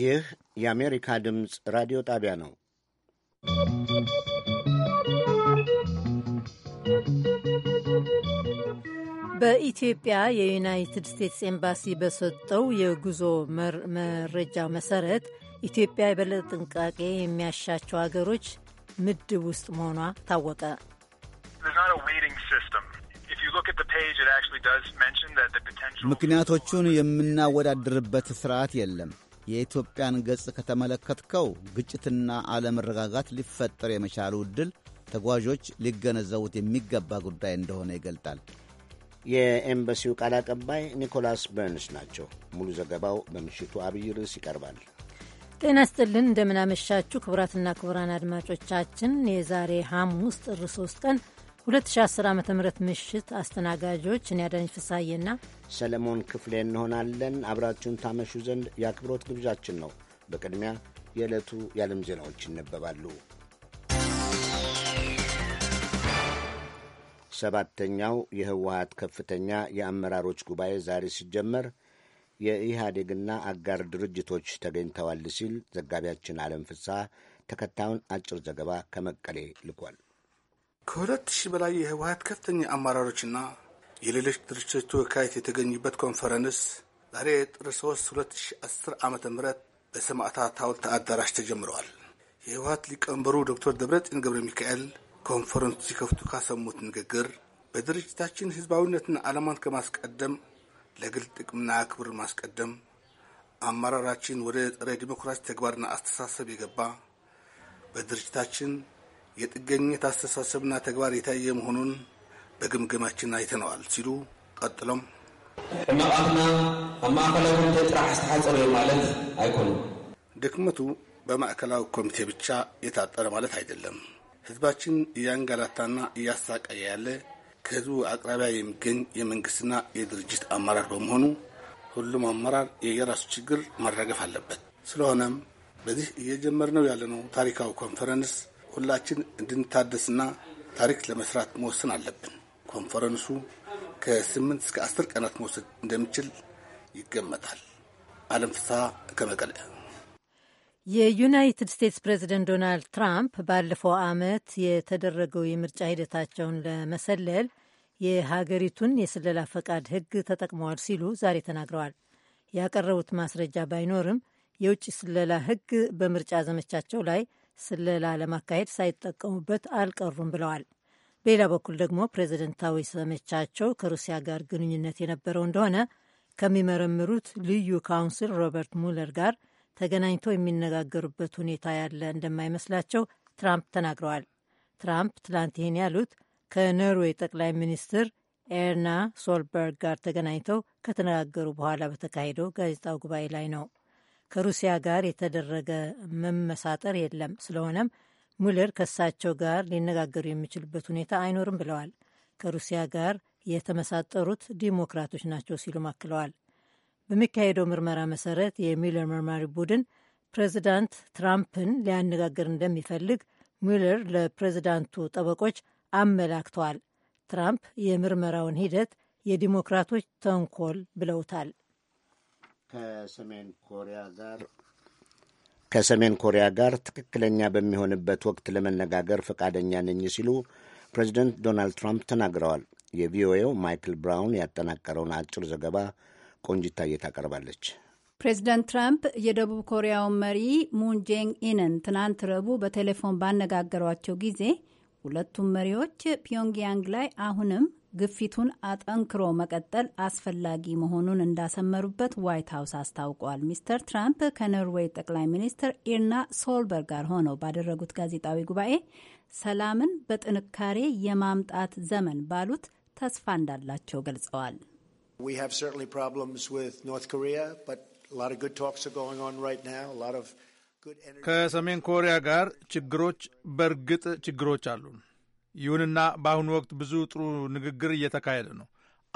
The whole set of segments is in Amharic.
ይህ የአሜሪካ ድምፅ ራዲዮ ጣቢያ ነው። በኢትዮጵያ የዩናይትድ ስቴትስ ኤምባሲ በሰጠው የጉዞ መረጃ መሰረት ኢትዮጵያ የበለጠ ጥንቃቄ የሚያሻቸው አገሮች ምድብ ውስጥ መሆኗ ታወቀ። ምክንያቶቹን የምናወዳድርበት ስርዓት የለም። የኢትዮጵያን ገጽ ከተመለከትከው ግጭትና አለመረጋጋት ሊፈጠር የመቻሉ ዕድል ተጓዦች ሊገነዘቡት የሚገባ ጉዳይ እንደሆነ ይገልጣል። የኤምባሲው ቃል አቀባይ ኒኮላስ በርንስ ናቸው። ሙሉ ዘገባው በምሽቱ አብይ ርዕስ ይቀርባል። ጤና ስጥልን፣ እንደምናመሻችሁ ክቡራትና ክቡራን አድማጮቻችን የዛሬ ሐሙስ ጥር 3 ቀን 2010 ዓ ም ምሽት አስተናጋጆች እኔ አዳነች ፍሳዬና ሰለሞን ክፍሌ እንሆናለን። አብራችሁን ታመሹ ዘንድ የአክብሮት ግብዣችን ነው። በቅድሚያ የዕለቱ የዓለም ዜናዎች ይነበባሉ። ሰባተኛው የህወሀት ከፍተኛ የአመራሮች ጉባኤ ዛሬ ሲጀመር የኢህአዴግና አጋር ድርጅቶች ተገኝተዋል ሲል ዘጋቢያችን አለም ፍስሐ ተከታዩን አጭር ዘገባ ከመቀሌ ልኳል። ከሁለት ሺህ በላይ የህወሀት ከፍተኛ አመራሮችና የሌሎች ድርጅቶች ተወካዮች የተገኙበት ኮንፈረንስ ዛሬ ጥር 3 2010 ዓ ም በሰማዕታት ሐውልት አዳራሽ ተጀምረዋል። የህወሀት ሊቀመንበሩ ዶክተር ደብረጽዮን ገብረ ሚካኤል ኮንፈረንሱ ሲከፍቱ ካሰሙት ንግግር በድርጅታችን ህዝባዊነትና ዓላማን ከማስቀደም ለግል ጥቅምና ክብር ማስቀደም አመራራችን ወደ ጸረ ዲሞክራሲ ተግባርና አስተሳሰብ የገባ በድርጅታችን የጥገኝነት አስተሳሰብና ተግባር የታየ መሆኑን በግምገማችን አይተነዋል ሲሉ ቀጥሎም ሕማቃትና ኣብ ማእከላዊ ኮሚቴ ጥራሕ ዝተሓፀረ ማለት ኣይኮኑን። ድክመቱ በማዕከላዊ ኮሚቴ ብቻ የታጠረ ማለት አይደለም። ህዝባችን እያንገላታና እያሳቀየ ያለ ከህዝቡ አቅራቢያ የሚገኝ የመንግስትና የድርጅት አመራር በመሆኑ ሁሉም አመራር የየራሱ ችግር መረገፍ አለበት። ስለሆነም በዚህ እየጀመርነው ያለነው ታሪካዊ ኮንፈረንስ ሁላችን እንድንታደስና ታሪክ ለመስራት መወሰን አለብን። ኮንፈረንሱ ከስምንት እስከ አስር ቀናት መውሰድ እንደሚችል ይገመታል። አለም ፍስሐ ከመቀለ። የዩናይትድ ስቴትስ ፕሬዚደንት ዶናልድ ትራምፕ ባለፈው ዓመት የተደረገው የምርጫ ሂደታቸውን ለመሰለል የሀገሪቱን የስለላ ፈቃድ ሕግ ተጠቅመዋል ሲሉ ዛሬ ተናግረዋል። ያቀረቡት ማስረጃ ባይኖርም የውጭ ስለላ ሕግ በምርጫ ዘመቻቸው ላይ ስለላ ለማካሄድ ሳይጠቀሙበት አልቀሩም ብለዋል። በሌላ በኩል ደግሞ ፕሬዚደንታዊ ዘመቻቸው ከሩሲያ ጋር ግንኙነት የነበረው እንደሆነ ከሚመረምሩት ልዩ ካውንስል ሮበርት ሙለር ጋር ተገናኝተው የሚነጋገሩበት ሁኔታ ያለ እንደማይመስላቸው ትራምፕ ተናግረዋል። ትራምፕ ትላንት ይህን ያሉት ከኖርዌይ ጠቅላይ ሚኒስትር ኤርና ሶልበርግ ጋር ተገናኝተው ከተነጋገሩ በኋላ በተካሄደው ጋዜጣው ጉባኤ ላይ ነው። ከሩሲያ ጋር የተደረገ መመሳጠር የለም። ስለሆነም ሙለር ከእሳቸው ጋር ሊነጋገሩ የሚችልበት ሁኔታ አይኖርም ብለዋል። ከሩሲያ ጋር የተመሳጠሩት ዲሞክራቶች ናቸው ሲሉም አክለዋል። በሚካሄደው ምርመራ መሰረት የሚለር መርማሪ ቡድን ፕሬዚዳንት ትራምፕን ሊያነጋግር እንደሚፈልግ ሙለር ለፕሬዚዳንቱ ጠበቆች አመላክተዋል። ትራምፕ የምርመራውን ሂደት የዲሞክራቶች ተንኮል ብለውታል። ከሰሜን ኮሪያ ጋር ከሰሜን ኮሪያ ጋር ትክክለኛ በሚሆንበት ወቅት ለመነጋገር ፈቃደኛ ነኝ ሲሉ ፕሬዚደንት ዶናልድ ትራምፕ ተናግረዋል። የቪኦኤው ማይክል ብራውን ያጠናቀረውን አጭር ዘገባ ቆንጅታዬ ታቀርባለች። ፕሬዚደንት ትራምፕ የደቡብ ኮሪያውን መሪ ሙንጄንግ ጄንግ ኢንን ትናንት ረቡዕ በቴሌፎን ባነጋገሯቸው ጊዜ ሁለቱም መሪዎች ፒዮንግያንግ ላይ አሁንም ግፊቱን አጠንክሮ መቀጠል አስፈላጊ መሆኑን እንዳሰመሩበት ዋይት ሀውስ አስታውቋል። ሚስተር ትራምፕ ከኖርዌይ ጠቅላይ ሚኒስትር ኢርና ሶልበርግ ጋር ሆነው ባደረጉት ጋዜጣዊ ጉባኤ ሰላምን በጥንካሬ የማምጣት ዘመን ባሉት ተስፋ እንዳላቸው ገልጸዋል። ከሰሜን ኮሪያ ጋር ችግሮች፣ በእርግጥ ችግሮች አሉን ይሁንና በአሁኑ ወቅት ብዙ ጥሩ ንግግር እየተካሄደ ነው።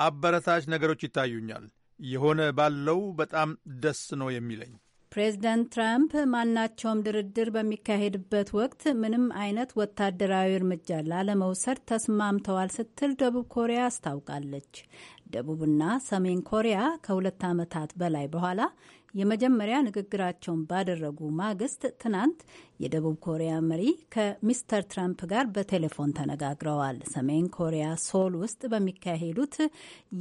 አበረታች ነገሮች ይታዩኛል። የሆነ ባለው በጣም ደስ ነው የሚለኝ። ፕሬዚደንት ትራምፕ ማናቸውም ድርድር በሚካሄድበት ወቅት ምንም አይነት ወታደራዊ እርምጃ ላለመውሰድ ተስማምተዋል ስትል ደቡብ ኮሪያ አስታውቃለች። ደቡብና ሰሜን ኮሪያ ከሁለት ዓመታት በላይ በኋላ የመጀመሪያ ንግግራቸውን ባደረጉ ማግስት ትናንት የደቡብ ኮሪያ መሪ ከሚስተር ትራምፕ ጋር በቴሌፎን ተነጋግረዋል። ሰሜን ኮሪያ ሶል ውስጥ በሚካሄዱት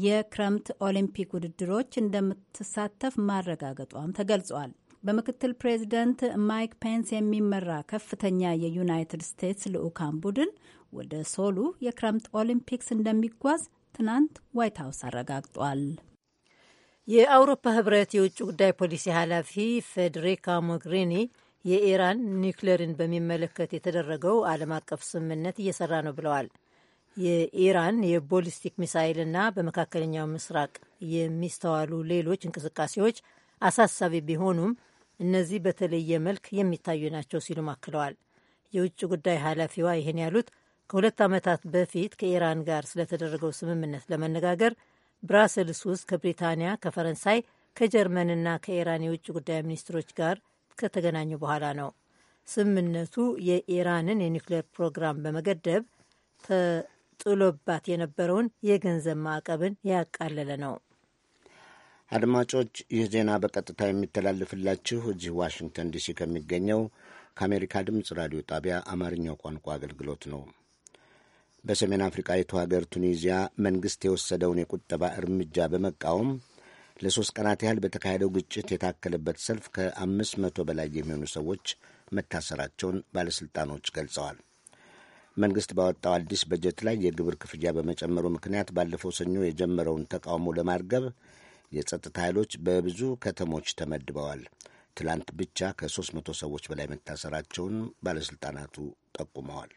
የክረምት ኦሊምፒክ ውድድሮች እንደምትሳተፍ ማረጋገጧም ተገልጿል። በምክትል ፕሬዚደንት ማይክ ፔንስ የሚመራ ከፍተኛ የዩናይትድ ስቴትስ ልዑካን ቡድን ወደ ሶሉ የክረምት ኦሊምፒክስ እንደሚጓዝ ትናንት ዋይት ሀውስ አረጋግጧል። የአውሮፓ ህብረት የውጭ ጉዳይ ፖሊሲ ኃላፊ ፌዴሪካ ሞግሪኒ የኢራን ኒውክሌርን በሚመለከት የተደረገው ዓለም አቀፍ ስምምነት እየሰራ ነው ብለዋል። የኢራን የቦሊስቲክ ሚሳይልና በመካከለኛው ምስራቅ የሚስተዋሉ ሌሎች እንቅስቃሴዎች አሳሳቢ ቢሆኑም እነዚህ በተለየ መልክ የሚታዩ ናቸው ሲሉም አክለዋል። የውጭ ጉዳይ ኃላፊዋ ይህን ያሉት ከሁለት ዓመታት በፊት ከኢራን ጋር ስለተደረገው ስምምነት ለመነጋገር ብራሰልስ ውስጥ ከብሪታንያ፣ ከፈረንሳይ፣ ከጀርመንና ከኢራን የውጭ ጉዳይ ሚኒስትሮች ጋር ከተገናኙ በኋላ ነው። ስምምነቱ የኢራንን የኒውክሌር ፕሮግራም በመገደብ ተጥሎባት የነበረውን የገንዘብ ማዕቀብን ያቃለለ ነው። አድማጮች፣ ይህ ዜና በቀጥታ የሚተላልፍላችሁ እዚህ ዋሽንግተን ዲሲ ከሚገኘው ከአሜሪካ ድምፅ ራዲዮ ጣቢያ አማርኛው ቋንቋ አገልግሎት ነው። በሰሜን አፍሪካዊቱ ሀገር ቱኒዚያ መንግሥት የወሰደውን የቁጠባ እርምጃ በመቃወም ለሦስት ቀናት ያህል በተካሄደው ግጭት የታከለበት ሰልፍ ከአምስት መቶ በላይ የሚሆኑ ሰዎች መታሰራቸውን ባለሥልጣኖች ገልጸዋል። መንግሥት ባወጣው አዲስ በጀት ላይ የግብር ክፍያ በመጨመሩ ምክንያት ባለፈው ሰኞ የጀመረውን ተቃውሞ ለማርገብ የጸጥታ ኃይሎች በብዙ ከተሞች ተመድበዋል። ትላንት ብቻ ከሦስት መቶ ሰዎች በላይ መታሰራቸውን ባለሥልጣናቱ ጠቁመዋል።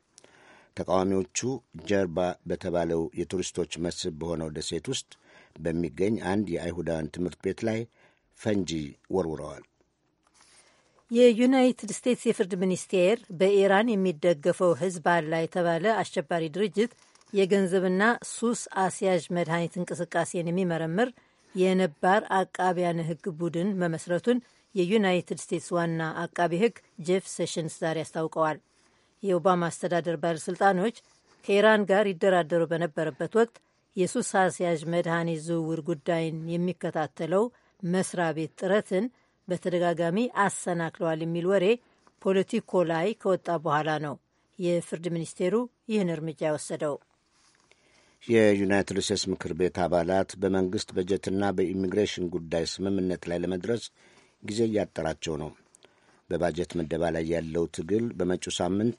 ተቃዋሚዎቹ ጀርባ በተባለው የቱሪስቶች መስህብ በሆነው ደሴት ውስጥ በሚገኝ አንድ የአይሁዳውያን ትምህርት ቤት ላይ ፈንጂ ወርውረዋል። የዩናይትድ ስቴትስ የፍርድ ሚኒስቴር በኢራን የሚደገፈው ህዝብ አላ የተባለ አሸባሪ ድርጅት የገንዘብና ሱስ አስያዥ መድኃኒት እንቅስቃሴን የሚመረምር የነባር አቃቢያን ህግ ቡድን መመስረቱን የዩናይትድ ስቴትስ ዋና አቃቢ ህግ ጄፍ ሴሽንስ ዛሬ አስታውቀዋል። የኦባማ አስተዳደር ባለሥልጣኖች ከኢራን ጋር ይደራደሩ በነበረበት ወቅት የሱስ አስያዥ መድኃኒት ዝውውር ጉዳይን የሚከታተለው መስሪያ ቤት ጥረትን በተደጋጋሚ አሰናክለዋል የሚል ወሬ ፖለቲኮ ላይ ከወጣ በኋላ ነው የፍርድ ሚኒስቴሩ ይህን እርምጃ የወሰደው። የዩናይትድ ስቴትስ ምክር ቤት አባላት በመንግሥት በጀትና በኢሚግሬሽን ጉዳይ ስምምነት ላይ ለመድረስ ጊዜ እያጠራቸው ነው። በባጀት ምደባ ላይ ያለው ትግል በመጪው ሳምንት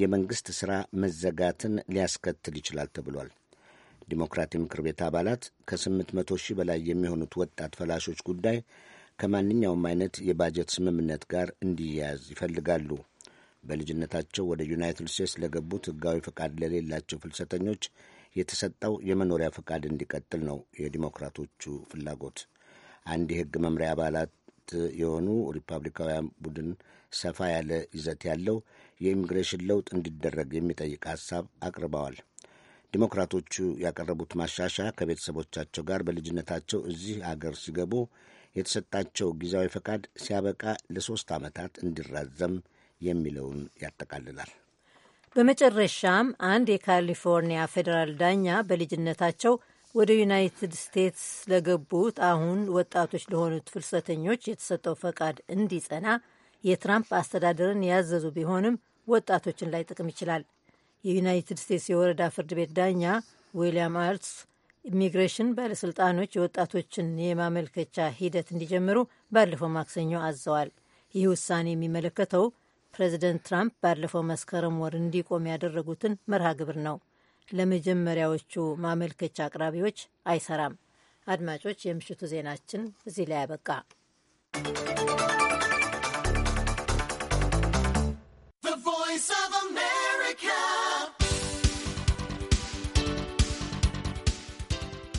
የመንግሥት ሥራ መዘጋትን ሊያስከትል ይችላል ተብሏል። ዲሞክራት የምክር ቤት አባላት ከ800 ሺህ በላይ የሚሆኑት ወጣት ፈላሾች ጉዳይ ከማንኛውም አይነት የባጀት ስምምነት ጋር እንዲያያዝ ይፈልጋሉ። በልጅነታቸው ወደ ዩናይትድ ስቴትስ ለገቡት ሕጋዊ ፈቃድ ለሌላቸው ፍልሰተኞች የተሰጠው የመኖሪያ ፈቃድ እንዲቀጥል ነው የዲሞክራቶቹ ፍላጎት። አንድ የሕግ መምሪያ አባላት የሆኑ ሪፐብሊካውያን ቡድን ሰፋ ያለ ይዘት ያለው የኢሚግሬሽን ለውጥ እንዲደረግ የሚጠይቅ ሀሳብ አቅርበዋል። ዲሞክራቶቹ ያቀረቡት ማሻሻያ ከቤተሰቦቻቸው ጋር በልጅነታቸው እዚህ አገር ሲገቡ የተሰጣቸው ጊዜያዊ ፈቃድ ሲያበቃ ለሶስት ዓመታት እንዲራዘም የሚለውን ያጠቃልላል። በመጨረሻም አንድ የካሊፎርኒያ ፌዴራል ዳኛ በልጅነታቸው ወደ ዩናይትድ ስቴትስ ለገቡት አሁን ወጣቶች ለሆኑት ፍልሰተኞች የተሰጠው ፈቃድ እንዲጸና የትራምፕ አስተዳደርን ያዘዙ ቢሆንም ወጣቶችን ላይ ጥቅም ይችላል። የዩናይትድ ስቴትስ የወረዳ ፍርድ ቤት ዳኛ ዊልያም አርትስ ኢሚግሬሽን ባለስልጣኖች የወጣቶችን የማመልከቻ ሂደት እንዲጀምሩ ባለፈው ማክሰኞ አዘዋል። ይህ ውሳኔ የሚመለከተው ፕሬዚደንት ትራምፕ ባለፈው መስከረም ወር እንዲቆም ያደረጉትን መርሃ ግብር ነው። ለመጀመሪያዎቹ ማመልከቻ አቅራቢዎች አይሰራም። አድማጮች፣ የምሽቱ ዜናችን እዚህ ላይ ያበቃ።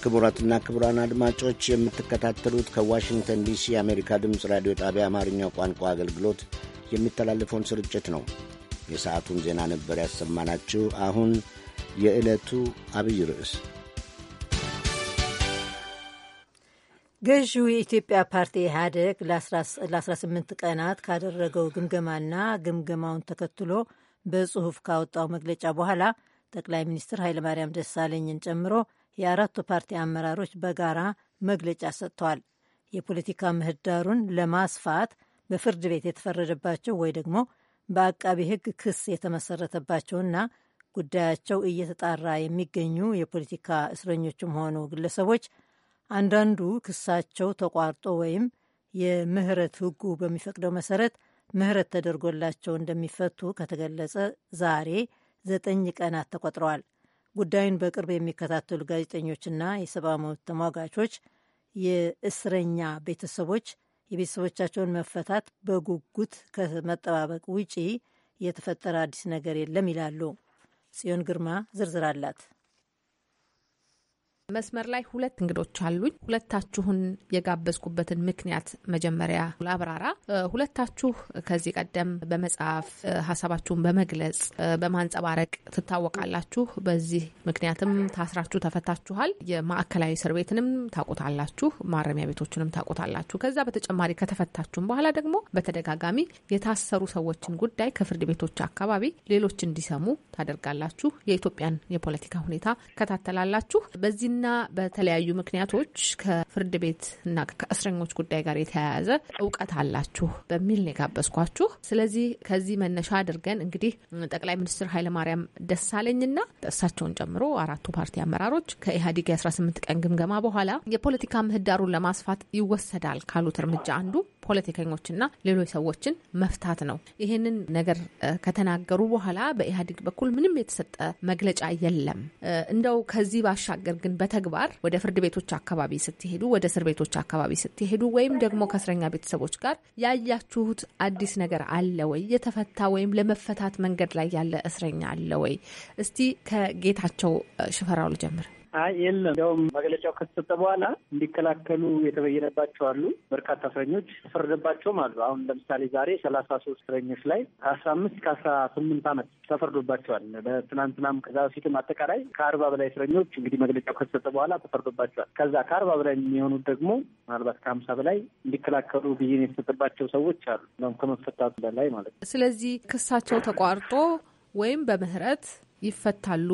ክቡራትና ክቡራን አድማጮች የምትከታተሉት ከዋሽንግተን ዲሲ የአሜሪካ ድምፅ ራዲዮ ጣቢያ አማርኛው ቋንቋ አገልግሎት የሚተላለፈውን ስርጭት ነው። የሰዓቱን ዜና ነበር ያሰማናችሁ። አሁን የዕለቱ አብይ ርዕስ ገዢው የኢትዮጵያ ፓርቲ ኢህአዴግ ለ18 ቀናት ካደረገው ግምገማና ግምገማውን ተከትሎ በጽሑፍ ካወጣው መግለጫ በኋላ ጠቅላይ ሚኒስትር ኃይለማርያም ደሳለኝን ጨምሮ የአራቱ ፓርቲ አመራሮች በጋራ መግለጫ ሰጥተዋል። የፖለቲካ ምህዳሩን ለማስፋት በፍርድ ቤት የተፈረደባቸው ወይ ደግሞ በአቃቢ ሕግ ክስ የተመሰረተባቸውና ጉዳያቸው እየተጣራ የሚገኙ የፖለቲካ እስረኞችም ሆኑ ግለሰቦች አንዳንዱ ክሳቸው ተቋርጦ ወይም የምህረት ሕጉ በሚፈቅደው መሰረት ምህረት ተደርጎላቸው እንደሚፈቱ ከተገለጸ ዛሬ ዘጠኝ ቀናት ተቆጥረዋል። ጉዳዩን በቅርብ የሚከታተሉ ጋዜጠኞችና የሰብአዊ መብት ተሟጋቾች የእስረኛ ቤተሰቦች የቤተሰቦቻቸውን መፈታት በጉጉት ከመጠባበቅ ውጪ የተፈጠረ አዲስ ነገር የለም ይላሉ። ጽዮን ግርማ ዝርዝር አላት። መስመር ላይ ሁለት እንግዶች አሉኝ። ሁለታችሁን የጋበዝኩበትን ምክንያት መጀመሪያ አብራራ ሁለታችሁ ከዚህ ቀደም በመጽሐፍ ሀሳባችሁን በመግለጽ በማንጸባረቅ ትታወቃላችሁ። በዚህ ምክንያትም ታስራችሁ ተፈታችኋል። የማዕከላዊ እስር ቤትንም ታቆታላችሁ፣ ማረሚያ ቤቶችንም ታቆታላችሁ። ከዛ በተጨማሪ ከተፈታችሁም በኋላ ደግሞ በተደጋጋሚ የታሰሩ ሰዎችን ጉዳይ ከፍርድ ቤቶች አካባቢ ሌሎች እንዲሰሙ ታደርጋላችሁ። የኢትዮጵያን የፖለቲካ ሁኔታ ከታተላላችሁ በዚህ እና በተለያዩ ምክንያቶች ከፍርድ ቤት እና ከእስረኞች ጉዳይ ጋር የተያያዘ እውቀት አላችሁ በሚል ነው የጋበዝኳችሁ። ስለዚህ ከዚህ መነሻ አድርገን እንግዲህ ጠቅላይ ሚኒስትር ኃይለማርያም ደሳለኝና እሳቸውን ጨምሮ አራቱ ፓርቲ አመራሮች ከኢህአዴግ የ18 ቀን ግምገማ በኋላ የፖለቲካ ምህዳሩን ለማስፋት ይወሰዳል ካሉት እርምጃ አንዱ ፖለቲከኞችና ሌሎች ሰዎችን መፍታት ነው። ይህንን ነገር ከተናገሩ በኋላ በኢህአዴግ በኩል ምንም የተሰጠ መግለጫ የለም። እንደው ከዚህ ባሻገር ግን በተግባር ወደ ፍርድ ቤቶች አካባቢ ስትሄዱ፣ ወደ እስር ቤቶች አካባቢ ስትሄዱ ወይም ደግሞ ከእስረኛ ቤተሰቦች ጋር ያያችሁት አዲስ ነገር አለ ወይ? የተፈታ ወይም ለመፈታት መንገድ ላይ ያለ እስረኛ አለ ወይ? እስቲ ከጌታቸው ሽፈራው ልጀምር። አይ የለም፣ እንዲያውም መግለጫው ከተሰጠ በኋላ እንዲከላከሉ የተበየነባቸው አሉ። በርካታ እስረኞች ተፈረደባቸውም አሉ። አሁን ለምሳሌ ዛሬ ሰላሳ ሶስት እስረኞች ላይ ከአስራ አምስት ከአስራ ስምንት ዓመት ተፈርዶባቸዋል። በትናንትናም ከዛ በፊትም አጠቃላይ ከአርባ በላይ እስረኞች እንግዲህ መግለጫው ከተሰጠ በኋላ ተፈርዶባቸዋል። ከዛ ከአርባ በላይ የሚሆኑት ደግሞ ምናልባት ከሀምሳ በላይ እንዲከላከሉ ብይን የተሰጠባቸው ሰዎች አሉ። ከመፈታቱ በላይ ማለት ነው። ስለዚህ ክሳቸው ተቋርጦ ወይም በምህረት ይፈታሉ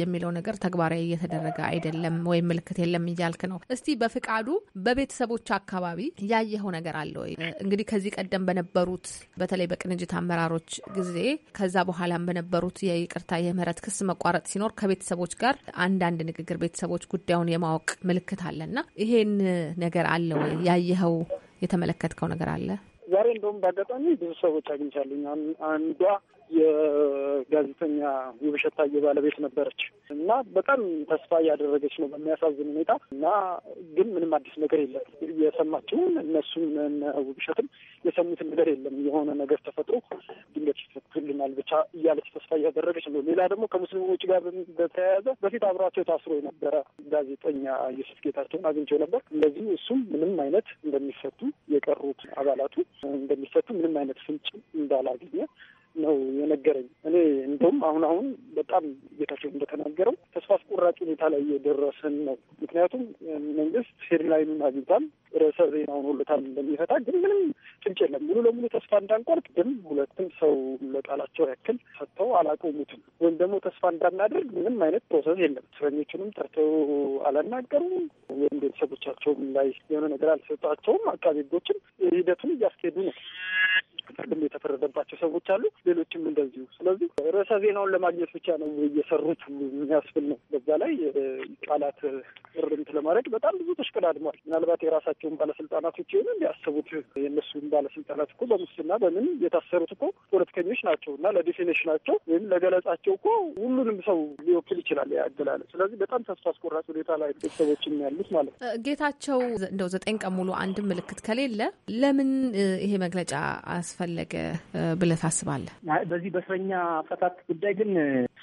የሚለው ነገር ተግባራዊ እየተደረገ አይደለም ወይም ምልክት የለም እያልክ ነው። እስቲ በፍቃዱ በቤተሰቦች አካባቢ ያየኸው ነገር አለ ወይ? እንግዲህ ከዚህ ቀደም በነበሩት በተለይ በቅንጅት አመራሮች ጊዜ ከዛ በኋላም በነበሩት የይቅርታ የምህረት ክስ መቋረጥ ሲኖር ከቤተሰቦች ጋር አንዳንድ ንግግር ቤተሰቦች ጉዳዩን የማወቅ ምልክት አለና ይሄን ነገር አለ ወይ ያየኸው የተመለከትከው ነገር አለ? ዛሬ እንደውም በአጋጣሚ ብዙ ሰዎች አግኝቻለኝ። አንዷ የጋዜጠኛ ውብሸት ታዬ ባለቤት ነበረች እና በጣም ተስፋ እያደረገች ነው በሚያሳዝን ሁኔታ እና ግን ምንም አዲስ ነገር የለም። የሰማችውን እነሱም ውብሸትም የሰሙትን ነገር የለም። የሆነ ነገር ተፈጥሮ ድንገት ይፈቱልናል ብቻ እያለች ተስፋ እያደረገች ነው። ሌላ ደግሞ ከሙስሊሞች ጋር በተያያዘ በፊት አብሯቸው ታስሮ የነበረ ጋዜጠኛ ዮሴፍ ጌታቸውን አግኝቸው ነበር። እንደዚህ እሱም ምንም አይነት እንደሚፈቱ የቀሩት አባላቱ እንደሚፈቱ ምንም አይነት ፍንጭ እንዳላገኘ ነው የነገረኝ። እኔ እንደውም አሁን አሁን በጣም ጌታቸው እንደተናገረው ተስፋ አስቆራጭ ሁኔታ ላይ የደረስን ነው። ምክንያቱም መንግስት ሄድላይኑን አግኝቷል። ርዕሰ ዜናውን ሁለታን እንደሚፈታ ግን ምንም ጭንቅ የለም። ሙሉ ለሙሉ ተስፋ እንዳንቆርጥ ግን ሁለትም ሰው ለቃላቸው ያክል ሰጥተው አላቆሙትም። ወይም ደግሞ ተስፋ እንዳናደርግ ምንም አይነት ፕሮሰስ የለም። እስረኞቹንም ጠርተው አላናገሩም። ወይም ቤተሰቦቻቸውም ላይ የሆነ ነገር አልሰጣቸውም። አቃቤ ሕጎችም ሂደቱን እያስኬዱ ነው። ፍርድም የተፈረደባቸው ሰዎች አሉ፣ ሌሎችም እንደዚሁ። ስለዚህ ርዕሰ ዜናውን ለማግኘት ብቻ ነው እየሰሩት የሚያስብል ነው። በዛ ላይ ቃላት እርምት ለማድረግ በጣም ብዙ ተሽቀዳድሟል። ምናልባት የራሳቸው ባለስልጣናት ውጭ ሆነ እንዲያስቡት የእነሱን ባለስልጣናት እኮ በሙስና በምን የታሰሩት እኮ ፖለቲከኞች ናቸው እና ለዲፊኔሽናቸው ወይም ለገለጻቸው እኮ ሁሉንም ሰው ሊወክል ይችላል ያገላለ። ስለዚህ በጣም ተስፋ አስቆራጭ ሁኔታ ላይ ቤተሰቦችን ያሉት ማለት ነው። ጌታቸው እንደው ዘጠኝ ቀን ሙሉ አንድም ምልክት ከሌለ ለምን ይሄ መግለጫ አስፈለገ ብለህ ታስባለህ? በዚህ በእስረኛ ፈታት ጉዳይ ግን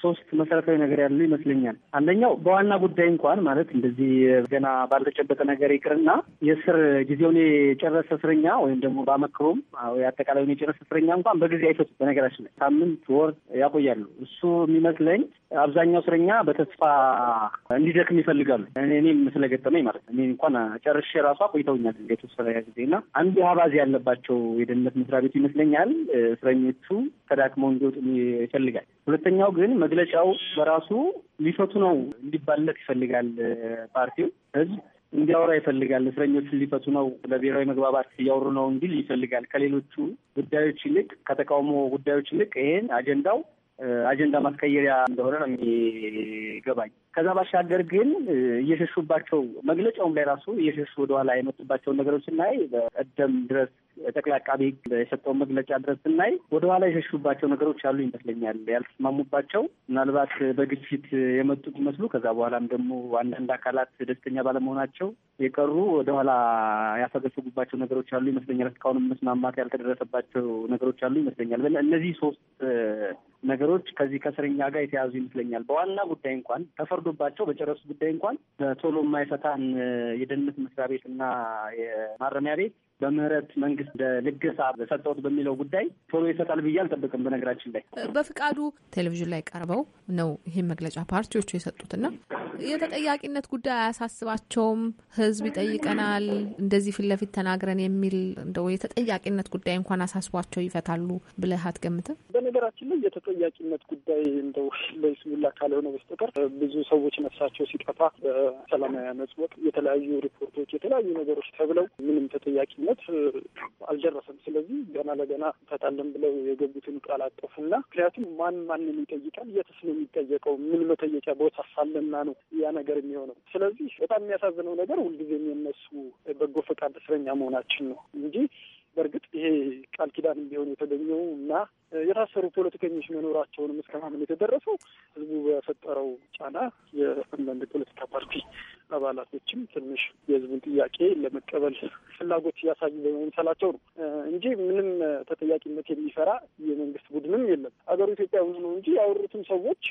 ሶስት መሰረታዊ ነገር ያሉ ይመስለኛል። አንደኛው በዋና ጉዳይ እንኳን ማለት እንደዚህ ገና ባልተጨበጠ ነገር ይቅርና የስር ጊዜውን የጨረሰ እስረኛ ወይም ደግሞ በአመክሮም አጠቃላይን የጨረሰ እስረኛ እንኳን በጊዜ አይፈቱ። በነገራችን ላይ ሳምንት፣ ወር ያቆያሉ። እሱ የሚመስለኝ አብዛኛው እስረኛ በተስፋ እንዲደክም ይፈልጋሉ። እኔም ስለገጠመኝ ማለት ነው። እኔ እንኳን ጨርሼ ራሷ ቆይተውኛል የተወሰነ ጊዜ እና አንዱ አባዝ ያለባቸው የደህንነት መስሪያ ቤቱ ይመስለኛል እስረኞቹ ተዳክመው እንዲወጡ ይፈልጋል። ሁለተኛው ግን መግለጫው በራሱ ሊፈቱ ነው እንዲባለት ይፈልጋል። ፓርቲው ህዝብ እንዲያወራ ይፈልጋል። እስረኞቹን ሊፈቱ ነው ለብሔራዊ መግባባት እያወሩ ነው እንዲል ይፈልጋል። ከሌሎቹ ጉዳዮች ይልቅ ከተቃውሞ ጉዳዮች ይልቅ ይሄን አጀንዳው አጀንዳ ማስቀየሪያ እንደሆነ ነው የሚገባኝ። ከዛ ባሻገር ግን እየሸሹባቸው መግለጫውም ላይ ራሱ እየሸሹ ወደኋላ የመጡባቸውን ነገሮች ስናይ በቀደም ድረስ ጠቅላይ አቃቢ ሕግ የሰጠውን መግለጫ ድረስ ስናይ ወደኋላ የሸሹባቸው ነገሮች አሉ ይመስለኛል። ያልተስማሙባቸው ምናልባት በግፊት የመጡት ይመስሉ ከዛ በኋላም ደግሞ አንዳንድ አካላት ደስተኛ ባለመሆናቸው የቀሩ ወደኋላ ያፈገፈጉባቸው ነገሮች አሉ ይመስለኛል። እስካሁንም መስማማት ያልተደረሰባቸው ነገሮች አሉ ይመስለኛል። እነዚህ ሶስት ነገሮች ከዚህ ከእስረኛ ጋር የተያዙ ይመስለኛል። በዋና ጉዳይ እንኳን ተፈርዶባቸው በጨረሱ ጉዳይ እንኳን በቶሎ የማይፈታን የደህንነት መስሪያ ቤት እና የማረሚያ ቤት በምህረት መንግስት እንደ ልገሳ በሰጠሁት በሚለው ጉዳይ ቶሎ ይሰጣል ብዬ አልጠብቅም። በነገራችን ላይ በፍቃዱ ቴሌቪዥን ላይ ቀርበው ነው ይህን መግለጫ ፓርቲዎቹ የሰጡትና የተጠያቂነት ጉዳይ አያሳስባቸውም። ህዝብ ይጠይቀናል፣ እንደዚህ ፊት ለፊት ተናግረን የሚል እንደው የተጠያቂነት ጉዳይ እንኳን አሳስቧቸው ይፈታሉ ብለህ አትገምትም? በነገራችን ላይ የተጠያቂነት ጉዳይ እንደው ለይስሙላ ካልሆነ በስተቀር ብዙ ሰዎች ነፍሳቸው ሲጠፋ በሰላማዊ አመጽ ወቅት የተለያዩ ሪፖርቶች የተለያዩ ነገሮች ተብለው ምንም ተጠያቂ ስምምነት አልደረሰም። ስለዚህ ገና ለገና ፈታለን ብለው የገቡትን ቃል አጠፉና ምክንያቱም ማን ማንን ይጠይቃል? የትስ ነው የሚጠየቀው? ምን መጠየቂያ ቦታ ሳለና ነው ያ ነገር የሚሆነው? ስለዚህ በጣም የሚያሳዝነው ነገር ሁልጊዜም የነሱ በጎ ፈቃድ እስረኛ መሆናችን ነው እንጂ በእርግጥ ይሄ ቃል ኪዳን እንዲሆን የተገኘው እና የታሰሩ ፖለቲከኞች መኖራቸውንም እስከ ማመን የተደረሰው ህዝቡ በፈጠረው ጫና የአንዳንድ ፖለቲካ ፓርቲ አባላቶችም ትንሽ የህዝቡን ጥያቄ ለመቀበል ፍላጎት እያሳዩ በመምሰላቸው ነው እንጂ ምንም ተጠያቂነት የሚፈራ የመንግስት ቡድንም የለም። አገሩ ኢትዮጵያ ብዙ ነው እንጂ ያወሩትም ሰዎች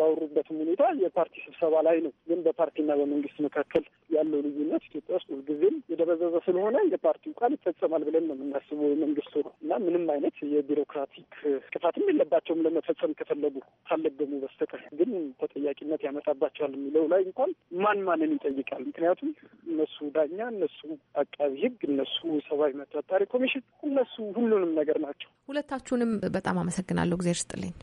ያወሩበትም ሁኔታ የፓርቲ ስብሰባ ላይ ነው። ግን በፓርቲና በመንግስት መካከል ያለው ልዩነት ኢትዮጵያ ውስጥ ሁልጊዜም ስለሆነ የፓርቲው ቃል ይፈጸማል ብለን ነው የምናስበው። መንግስቱ እና ምንም አይነት የቢሮክራቲክ ቅፋትም የለባቸውም ለመፈጸም ከፈለጉ ካለገሙ በስተቀር ግን ተጠያቂነት ያመጣባቸዋል የሚለው ላይ እንኳን ማን ማንን ይጠይቃል? ምክንያቱም እነሱ ዳኛ፣ እነሱ አቃቢ ህግ፣ እነሱ ሰብአዊ መብት አጣሪ ኮሚሽን፣ እነሱ ሁሉንም ነገር ናቸው። ሁለታችሁንም በጣም አመሰግናለሁ። እግዜር ስጥልኝ።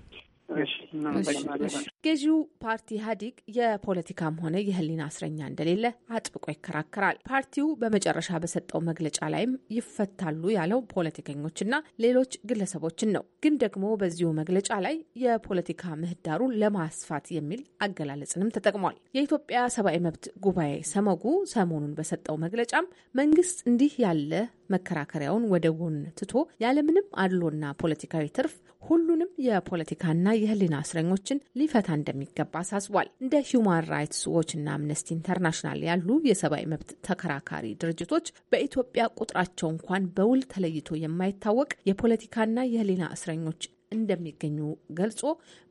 ገዢው ፓርቲ ኢህአዴግ የፖለቲካም ሆነ የህሊና እስረኛ እንደሌለ አጥብቆ ይከራከራል። ፓርቲው በመጨረሻ በሰጠው መግለጫ ላይም ይፈታሉ ያለው ፖለቲከኞችና ሌሎች ግለሰቦችን ነው። ግን ደግሞ በዚሁ መግለጫ ላይ የፖለቲካ ምህዳሩን ለማስፋት የሚል አገላለጽንም ተጠቅሟል። የኢትዮጵያ ሰብአዊ መብት ጉባኤ ሰመጉ ሰሞኑን በሰጠው መግለጫም መንግስት እንዲህ ያለ መከራከሪያውን ወደ ጎን ትቶ ያለምንም አድሎና ፖለቲካዊ ትርፍ ሁሉንም የፖለቲካና የሕሊና እስረኞችን ሊፈታ እንደሚገባ አሳስቧል። እንደ ሂውማን ራይትስ ዎችና አምነስቲ ኢንተርናሽናል ያሉ የሰብአዊ መብት ተከራካሪ ድርጅቶች በኢትዮጵያ ቁጥራቸው እንኳን በውል ተለይቶ የማይታወቅ የፖለቲካና የሕሊና እስረኞች እንደሚገኙ ገልጾ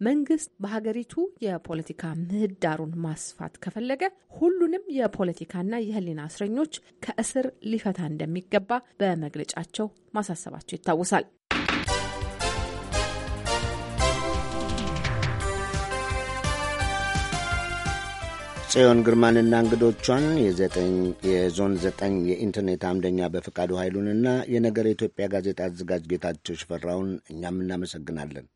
መንግስት በሀገሪቱ የፖለቲካ ምህዳሩን ማስፋት ከፈለገ ሁሉንም የፖለቲካና የህሊና እስረኞች ከእስር ሊፈታ እንደሚገባ በመግለጫቸው ማሳሰባቸው ይታወሳል። ጽዮን ግርማንና እንግዶቿን የዞን ዘጠኝ የኢንተርኔት አምደኛ በፈቃዱ ኃይሉንና የነገር የኢትዮጵያ ጋዜጣ አዘጋጅ ጌታቸው ሽፈራውን እኛም እናመሰግናለን።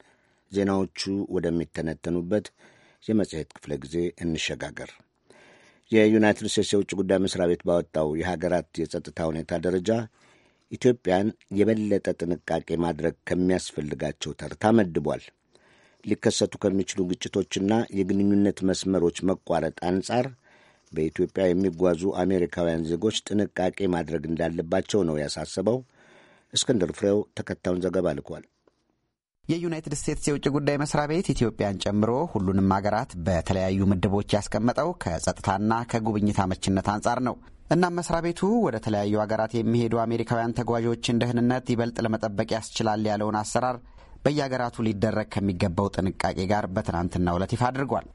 ዜናዎቹ ወደሚተነተኑበት የመጽሔት ክፍለ ጊዜ እንሸጋገር። የዩናይትድ ስቴትስ የውጭ ጉዳይ መስሪያ ቤት ባወጣው የሀገራት የጸጥታ ሁኔታ ደረጃ ኢትዮጵያን የበለጠ ጥንቃቄ ማድረግ ከሚያስፈልጋቸው ተርታ መድቧል። ሊከሰቱ ከሚችሉ ግጭቶችና የግንኙነት መስመሮች መቋረጥ አንጻር በኢትዮጵያ የሚጓዙ አሜሪካውያን ዜጎች ጥንቃቄ ማድረግ እንዳለባቸው ነው ያሳሰበው። እስክንድር ፍሬው ተከታዩን ዘገባ ልኳል። የዩናይትድ ስቴትስ የውጭ ጉዳይ መስሪያ ቤት ኢትዮጵያን ጨምሮ ሁሉንም ሀገራት በተለያዩ ምድቦች ያስቀመጠው ከጸጥታና ከጉብኝት አመችነት አንጻር ነው። እናም መስሪያ ቤቱ ወደ ተለያዩ ሀገራት የሚሄዱ አሜሪካውያን ተጓዦችን ደህንነት ይበልጥ ለመጠበቅ ያስችላል ያለውን አሰራር በየሀገራቱ ሊደረግ ከሚገባው ጥንቃቄ ጋር በትናንትናው ዕለት ይፋ አድርጓል።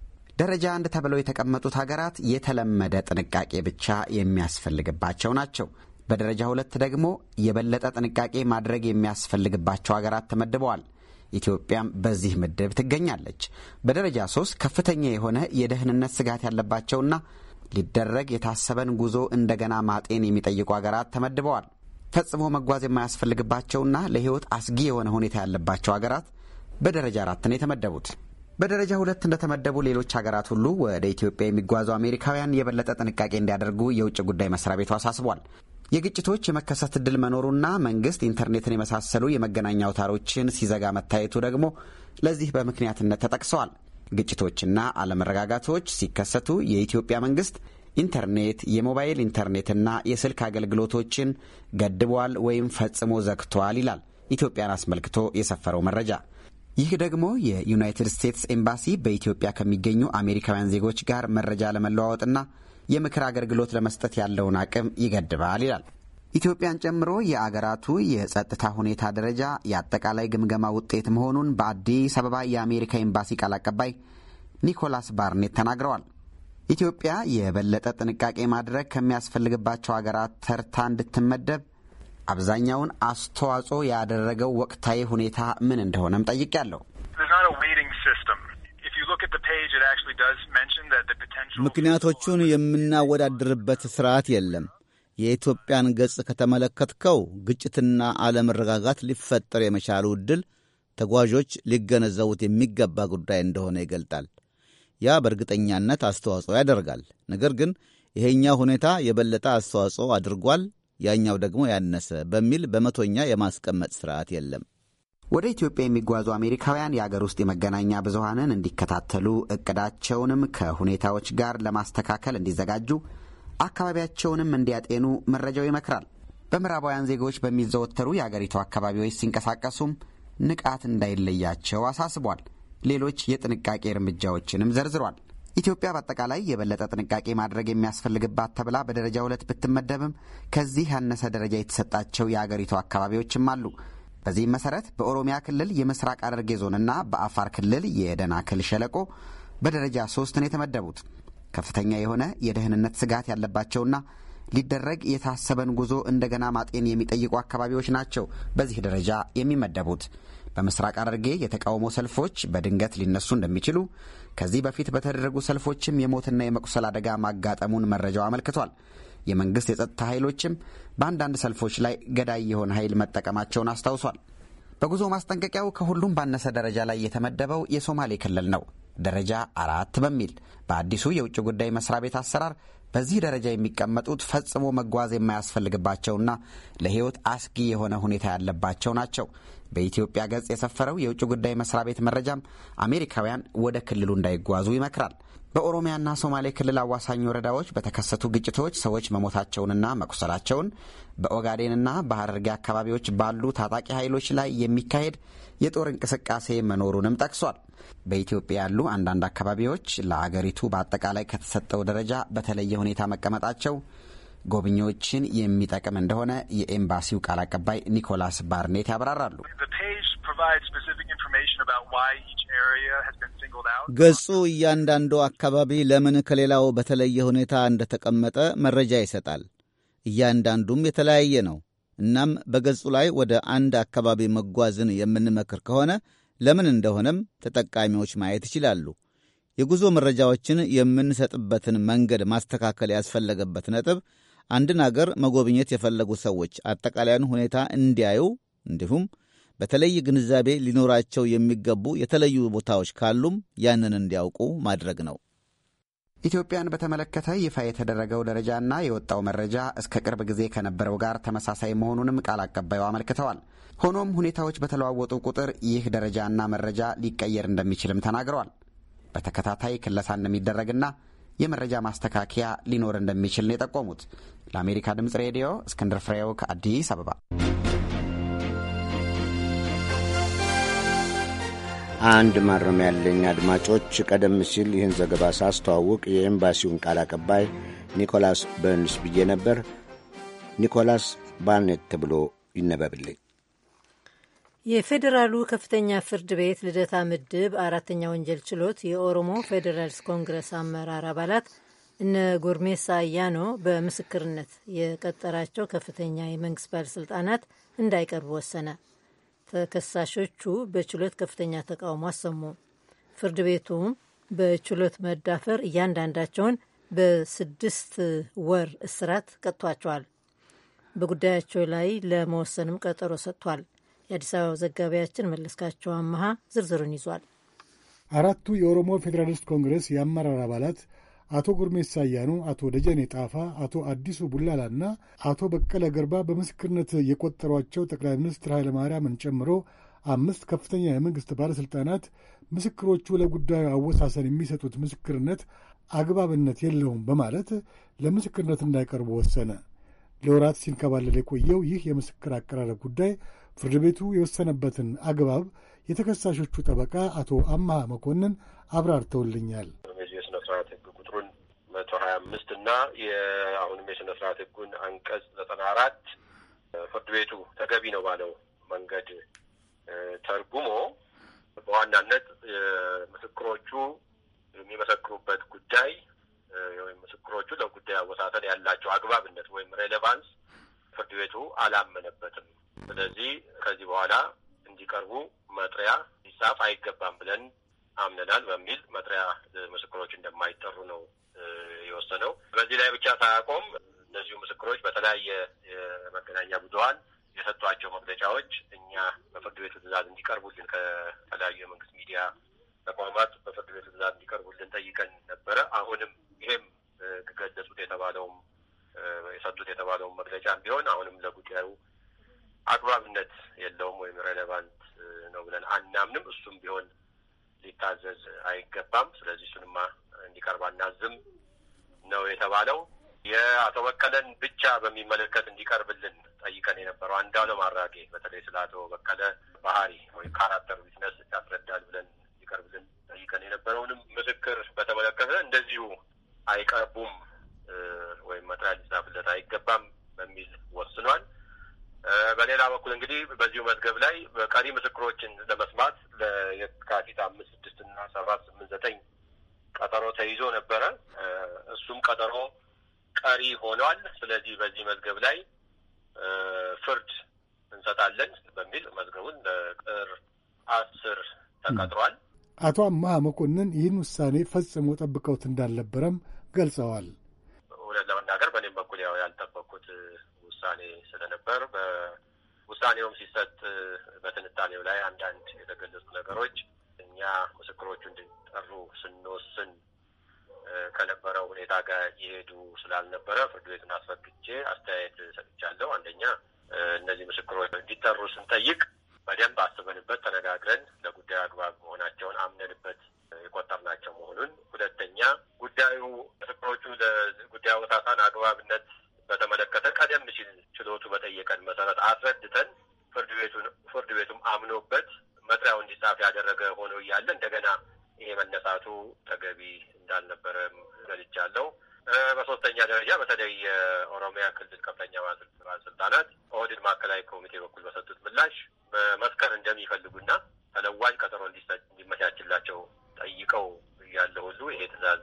ደረጃ አንድ ተብለው የተቀመጡት ሀገራት የተለመደ ጥንቃቄ ብቻ የሚያስፈልግባቸው ናቸው። በደረጃ ሁለት ደግሞ የበለጠ ጥንቃቄ ማድረግ የሚያስፈልግባቸው ሀገራት ተመድበዋል። ኢትዮጵያም በዚህ ምድብ ትገኛለች። በደረጃ ሶስት ከፍተኛ የሆነ የደህንነት ስጋት ያለባቸውና ሊደረግ የታሰበን ጉዞ እንደገና ማጤን የሚጠይቁ ሀገራት ተመድበዋል። ፈጽሞ መጓዝ የማያስፈልግባቸውና ለሕይወት አስጊ የሆነ ሁኔታ ያለባቸው ሀገራት በደረጃ አራት ነው የተመደቡት። በደረጃ ሁለት እንደተመደቡ ሌሎች ሀገራት ሁሉ ወደ ኢትዮጵያ የሚጓዙ አሜሪካውያን የበለጠ ጥንቃቄ እንዲያደርጉ የውጭ ጉዳይ መስሪያ ቤቱ አሳስቧል። የግጭቶች የመከሰት እድል መኖሩና መንግስት ኢንተርኔትን የመሳሰሉ የመገናኛ አውታሮችን ሲዘጋ መታየቱ ደግሞ ለዚህ በምክንያትነት ተጠቅሰዋል። ግጭቶችና አለመረጋጋቶች ሲከሰቱ የኢትዮጵያ መንግስት ኢንተርኔት፣ የሞባይል ኢንተርኔትና የስልክ አገልግሎቶችን ገድቧል ወይም ፈጽሞ ዘግቷል ይላል ኢትዮጵያን አስመልክቶ የሰፈረው መረጃ። ይህ ደግሞ የዩናይትድ ስቴትስ ኤምባሲ በኢትዮጵያ ከሚገኙ አሜሪካውያን ዜጎች ጋር መረጃ ለመለዋወጥና የምክር አገልግሎት ለመስጠት ያለውን አቅም ይገድባል ይላል። ኢትዮጵያን ጨምሮ የአገራቱ የጸጥታ ሁኔታ ደረጃ የአጠቃላይ ግምገማ ውጤት መሆኑን በአዲስ አበባ የአሜሪካ ኤምባሲ ቃል አቀባይ ኒኮላስ ባርኔት ተናግረዋል። ኢትዮጵያ የበለጠ ጥንቃቄ ማድረግ ከሚያስፈልግባቸው ሀገራት ተርታ እንድትመደብ አብዛኛውን አስተዋጽኦ ያደረገው ወቅታዊ ሁኔታ ምን እንደሆነም ጠይቄያለሁ። ምክንያቶቹን የምናወዳድርበት ስርዓት የለም። የኢትዮጵያን ገጽ ከተመለከትከው ግጭትና አለመረጋጋት ሊፈጠር የመቻሉ ዕድል ተጓዦች ሊገነዘቡት የሚገባ ጉዳይ እንደሆነ ይገልጣል። ያ በእርግጠኛነት አስተዋጽኦ ያደርጋል። ነገር ግን ይሄኛው ሁኔታ የበለጠ አስተዋጽኦ አድርጓል፣ ያኛው ደግሞ ያነሰ በሚል በመቶኛ የማስቀመጥ ስርዓት የለም። ወደ ኢትዮጵያ የሚጓዙ አሜሪካውያን የአገር ውስጥ የመገናኛ ብዙሀንን እንዲከታተሉ እቅዳቸውንም ከሁኔታዎች ጋር ለማስተካከል እንዲዘጋጁ አካባቢያቸውንም እንዲያጤኑ መረጃው ይመክራል። በምዕራባውያን ዜጎች በሚዘወተሩ የአገሪቱ አካባቢዎች ሲንቀሳቀሱም ንቃት እንዳይለያቸው አሳስቧል። ሌሎች የጥንቃቄ እርምጃዎችንም ዘርዝሯል። ኢትዮጵያ በአጠቃላይ የበለጠ ጥንቃቄ ማድረግ የሚያስፈልግባት ተብላ በደረጃ ሁለት ብትመደብም ከዚህ ያነሰ ደረጃ የተሰጣቸው የአገሪቱ አካባቢዎችም አሉ። በዚህም መሰረት በኦሮሚያ ክልል የምስራቅ ሐረርጌ ዞንና በአፋር ክልል የደናክል ሸለቆ በደረጃ ሶስት ነው የተመደቡት። ከፍተኛ የሆነ የደህንነት ስጋት ያለባቸውና ሊደረግ የታሰበን ጉዞ እንደገና ማጤን የሚጠይቁ አካባቢዎች ናቸው በዚህ ደረጃ የሚመደቡት። በምስራቅ ሐረርጌ የተቃውሞ ሰልፎች በድንገት ሊነሱ እንደሚችሉ ከዚህ በፊት በተደረጉ ሰልፎችም የሞትና የመቁሰል አደጋ ማጋጠሙን መረጃው አመልክቷል። የመንግስት የጸጥታ ኃይሎችም በአንዳንድ ሰልፎች ላይ ገዳይ የሆነ ኃይል መጠቀማቸውን አስታውሷል። በጉዞ ማስጠንቀቂያው ከሁሉም ባነሰ ደረጃ ላይ የተመደበው የሶማሌ ክልል ነው። ደረጃ አራት በሚል በአዲሱ የውጭ ጉዳይ መስሪያ ቤት አሰራር በዚህ ደረጃ የሚቀመጡት ፈጽሞ መጓዝ የማያስፈልግባቸውና ለሕይወት አስጊ የሆነ ሁኔታ ያለባቸው ናቸው። በኢትዮጵያ ገጽ የሰፈረው የውጭ ጉዳይ መስሪያ ቤት መረጃም አሜሪካውያን ወደ ክልሉ እንዳይጓዙ ይመክራል። በኦሮሚያና ሶማሌ ክልል አዋሳኝ ወረዳዎች በተከሰቱ ግጭቶች ሰዎች መሞታቸውንና መቁሰላቸውን በኦጋዴንና በሐረርጌ አካባቢዎች ባሉ ታጣቂ ኃይሎች ላይ የሚካሄድ የጦር እንቅስቃሴ መኖሩንም ጠቅሷል። በኢትዮጵያ ያሉ አንዳንድ አካባቢዎች ለአገሪቱ በአጠቃላይ ከተሰጠው ደረጃ በተለየ ሁኔታ መቀመጣቸው ጎብኚዎችን የሚጠቅም እንደሆነ የኤምባሲው ቃል አቀባይ ኒኮላስ ባርኔት ያብራራሉ። ገጹ እያንዳንዱ አካባቢ ለምን ከሌላው በተለየ ሁኔታ እንደተቀመጠ መረጃ ይሰጣል። እያንዳንዱም የተለያየ ነው። እናም በገጹ ላይ ወደ አንድ አካባቢ መጓዝን የምንመክር ከሆነ ለምን እንደሆነም ተጠቃሚዎች ማየት ይችላሉ። የጉዞ መረጃዎችን የምንሰጥበትን መንገድ ማስተካከል ያስፈለገበት ነጥብ አንድን አገር መጎብኘት የፈለጉ ሰዎች አጠቃላይን ሁኔታ እንዲያዩ እንዲሁም በተለይ ግንዛቤ ሊኖራቸው የሚገቡ የተለዩ ቦታዎች ካሉም ያንን እንዲያውቁ ማድረግ ነው። ኢትዮጵያን በተመለከተ ይፋ የተደረገው ደረጃና የወጣው መረጃ እስከ ቅርብ ጊዜ ከነበረው ጋር ተመሳሳይ መሆኑንም ቃል አቀባዩ አመልክተዋል። ሆኖም ሁኔታዎች በተለዋወጡ ቁጥር ይህ ደረጃና መረጃ ሊቀየር እንደሚችልም ተናግረዋል። በተከታታይ ክለሳ እንደሚደረግና የመረጃ ማስተካከያ ሊኖር እንደሚችል ነው የጠቆሙት። ለአሜሪካ ድምፅ ሬዲዮ እስክንድር ፍሬው ከአዲስ አበባ አንድ ማረም ያለኝ አድማጮች፣ ቀደም ሲል ይህን ዘገባ ሳስተዋውቅ የኤምባሲውን ቃል አቀባይ ኒኮላስ በርንስ ብዬ ነበር። ኒኮላስ ባርኔት ተብሎ ይነበብልኝ። የፌዴራሉ ከፍተኛ ፍርድ ቤት ልደታ ምድብ አራተኛ ወንጀል ችሎት የኦሮሞ ፌዴራልስ ኮንግረስ አመራር አባላት እነ ጎርሜሳ አያኖ በምስክርነት የቀጠራቸው ከፍተኛ የመንግስት ባለሥልጣናት እንዳይቀርቡ ወሰነ። ተከሳሾቹ በችሎት ከፍተኛ ተቃውሞ አሰሙ። ፍርድ ቤቱም በችሎት መዳፈር እያንዳንዳቸውን በስድስት ወር እስራት ቀጥቷቸዋል። በጉዳያቸው ላይ ለመወሰንም ቀጠሮ ሰጥቷል። የአዲስ አበባ ዘጋቢያችን መለስካቸው አመሃ ዝርዝሩን ይዟል። አራቱ የኦሮሞ ፌዴራሊስት ኮንግረስ የአመራር አባላት አቶ ጉርሜሳ አያኑ፣ አቶ ደጀኔ ጣፋ፣ አቶ አዲሱ ቡላላና አቶ በቀለ ገርባ በምስክርነት የቆጠሯቸው ጠቅላይ ሚኒስትር ኃይለማርያምን ጨምሮ አምስት ከፍተኛ የመንግሥት ባለሥልጣናት ምስክሮቹ ለጉዳዩ አወሳሰን የሚሰጡት ምስክርነት አግባብነት የለውም በማለት ለምስክርነት እንዳይቀርቡ ወሰነ። ለወራት ሲንከባለል የቆየው ይህ የምስክር አቀራረብ ጉዳይ ፍርድ ቤቱ የወሰነበትን አግባብ የተከሳሾቹ ጠበቃ አቶ አምሃ መኮንን አብራርተውልኛል። መቶ ሀያ አምስት እና የአሁንም የስነ ስርዓት ህጉን አንቀጽ ዘጠና አራት ፍርድ ቤቱ ተገቢ ነው ባለው መንገድ ተርጉሞ በዋናነት ምስክሮቹ የሚመሰክሩበት ጉዳይ ወይም ምስክሮቹ ለጉዳይ አወሳሰን ያላቸው አግባብነት ወይም ሬሌቫንስ ፍርድ ቤቱ አላመነበትም። ስለዚህ ከዚህ በኋላ እንዲቀርቡ መጥሪያ ሊጻፍ አይገባም ብለን አምነናል በሚል መጥሪያ ምስክሮች እንደማይጠሩ ነው የወሰነው። በዚህ ላይ ብቻ ሳያቆም እነዚሁ ምስክሮች በተለያየ የመገናኛ ብዙኃን የሰጧቸው መግለጫዎች እኛ በፍርድ ቤቱ ትእዛዝ እንዲቀርቡልን ከተለያዩ የመንግስት ሚዲያ ተቋማት በፍርድ ቤቱ ትእዛዝ እንዲቀርቡልን ጠይቀን ነበረ። አሁንም ይሄም ገለጹት የተባለውም የሰጡት የተባለውን መግለጫም ቢሆን አሁንም ለጉዳዩ አግባብነት የለውም ወይም ሬሌቫንት ነው ብለን አናምንም። እሱም ቢሆን ሊታዘዝ አይገባም። ስለዚህ እሱንማ እንዲቀርብ አናዝም ነው የተባለው። የአቶ በቀለን ብቻ በሚመለከት እንዲቀርብልን ጠይቀን የነበረው አንዳለም አራጌ በተለይ ስለ አቶ በቀለ ባህሪ ወይም ካራክተር ዊትነስ ያስረዳል ብለን እንዲቀርብልን ጠይቀን የነበረውንም ምስክር በተመለከተ እንደዚሁ አይቀርቡም ወይም መጥሪያ ሊጻፍለት አይገባም በሚል ወስኗል። በሌላ በኩል እንግዲህ በዚሁ መዝገብ ላይ ቀሪ ምስክሮችን ለመስማት ለየካቲት አምስት ስድስት እና ሰባት ስምንት ዘጠኝ ቀጠሮ ተይዞ ነበረ። እሱም ቀጠሮ ቀሪ ሆኗል። ስለዚህ በዚህ መዝገብ ላይ ፍርድ እንሰጣለን በሚል መዝገቡን ለጥር አስር ተቀጥሯል። አቶ አማሀ መኮንን ይህን ውሳኔ ፈጽሞ ጠብቀውት እንዳልነበረም ገልጸዋል። እውነት ለመናገር በእኔም በኩል ያው ያልጠበኩት ውሳኔ ስለነበር በውሳኔውም ሲሰጥ በትንታኔው ላይ አንዳንድ የተገለጹ ነገሮች እኛ ምስክሮቹ እንዲጠሩ ስንወስን ከነበረው ሁኔታ ጋር ይሄዱ ስላልነበረ ፍርድ ቤቱን አስፈቅጄ አስተያየት ሰጥቻለሁ። አንደኛ እነዚህ ምስክሮች እንዲጠሩ ስንጠይቅ በደንብ አስበንበት ተነጋግረን ለጉዳዩ አግባብ መሆናቸውን አምነንበት የቆጠርናቸው መሆኑን፣ ሁለተኛ ጉዳዩ ምስክሮቹ ለጉዳዩ ወታሳን አግባብነት በተመለከተ ቀደም ሲል ችሎቱ በጠየቀን መሰረት አስረድተን ፍርድ ቤቱን ፍርድ ቤቱም አምኖበት መጥሪያው እንዲጻፍ ያደረገ ሆኖ እያለ እንደገና ይሄ መነሳቱ ተገቢ እንዳልነበረም ገልጫለሁ። በሶስተኛ ደረጃ በተለይ የኦሮሚያ ክልል ከፍተኛ ባለስልጣናት ኦህዴድ ማዕከላዊ ኮሚቴ በኩል በሰጡት ምላሽ በመስከር እንደሚፈልጉና ተለዋጭ ቀጠሮ እንዲመቻችላቸው ጠይቀው ያለ ሁሉ ይሄ ትዕዛዝ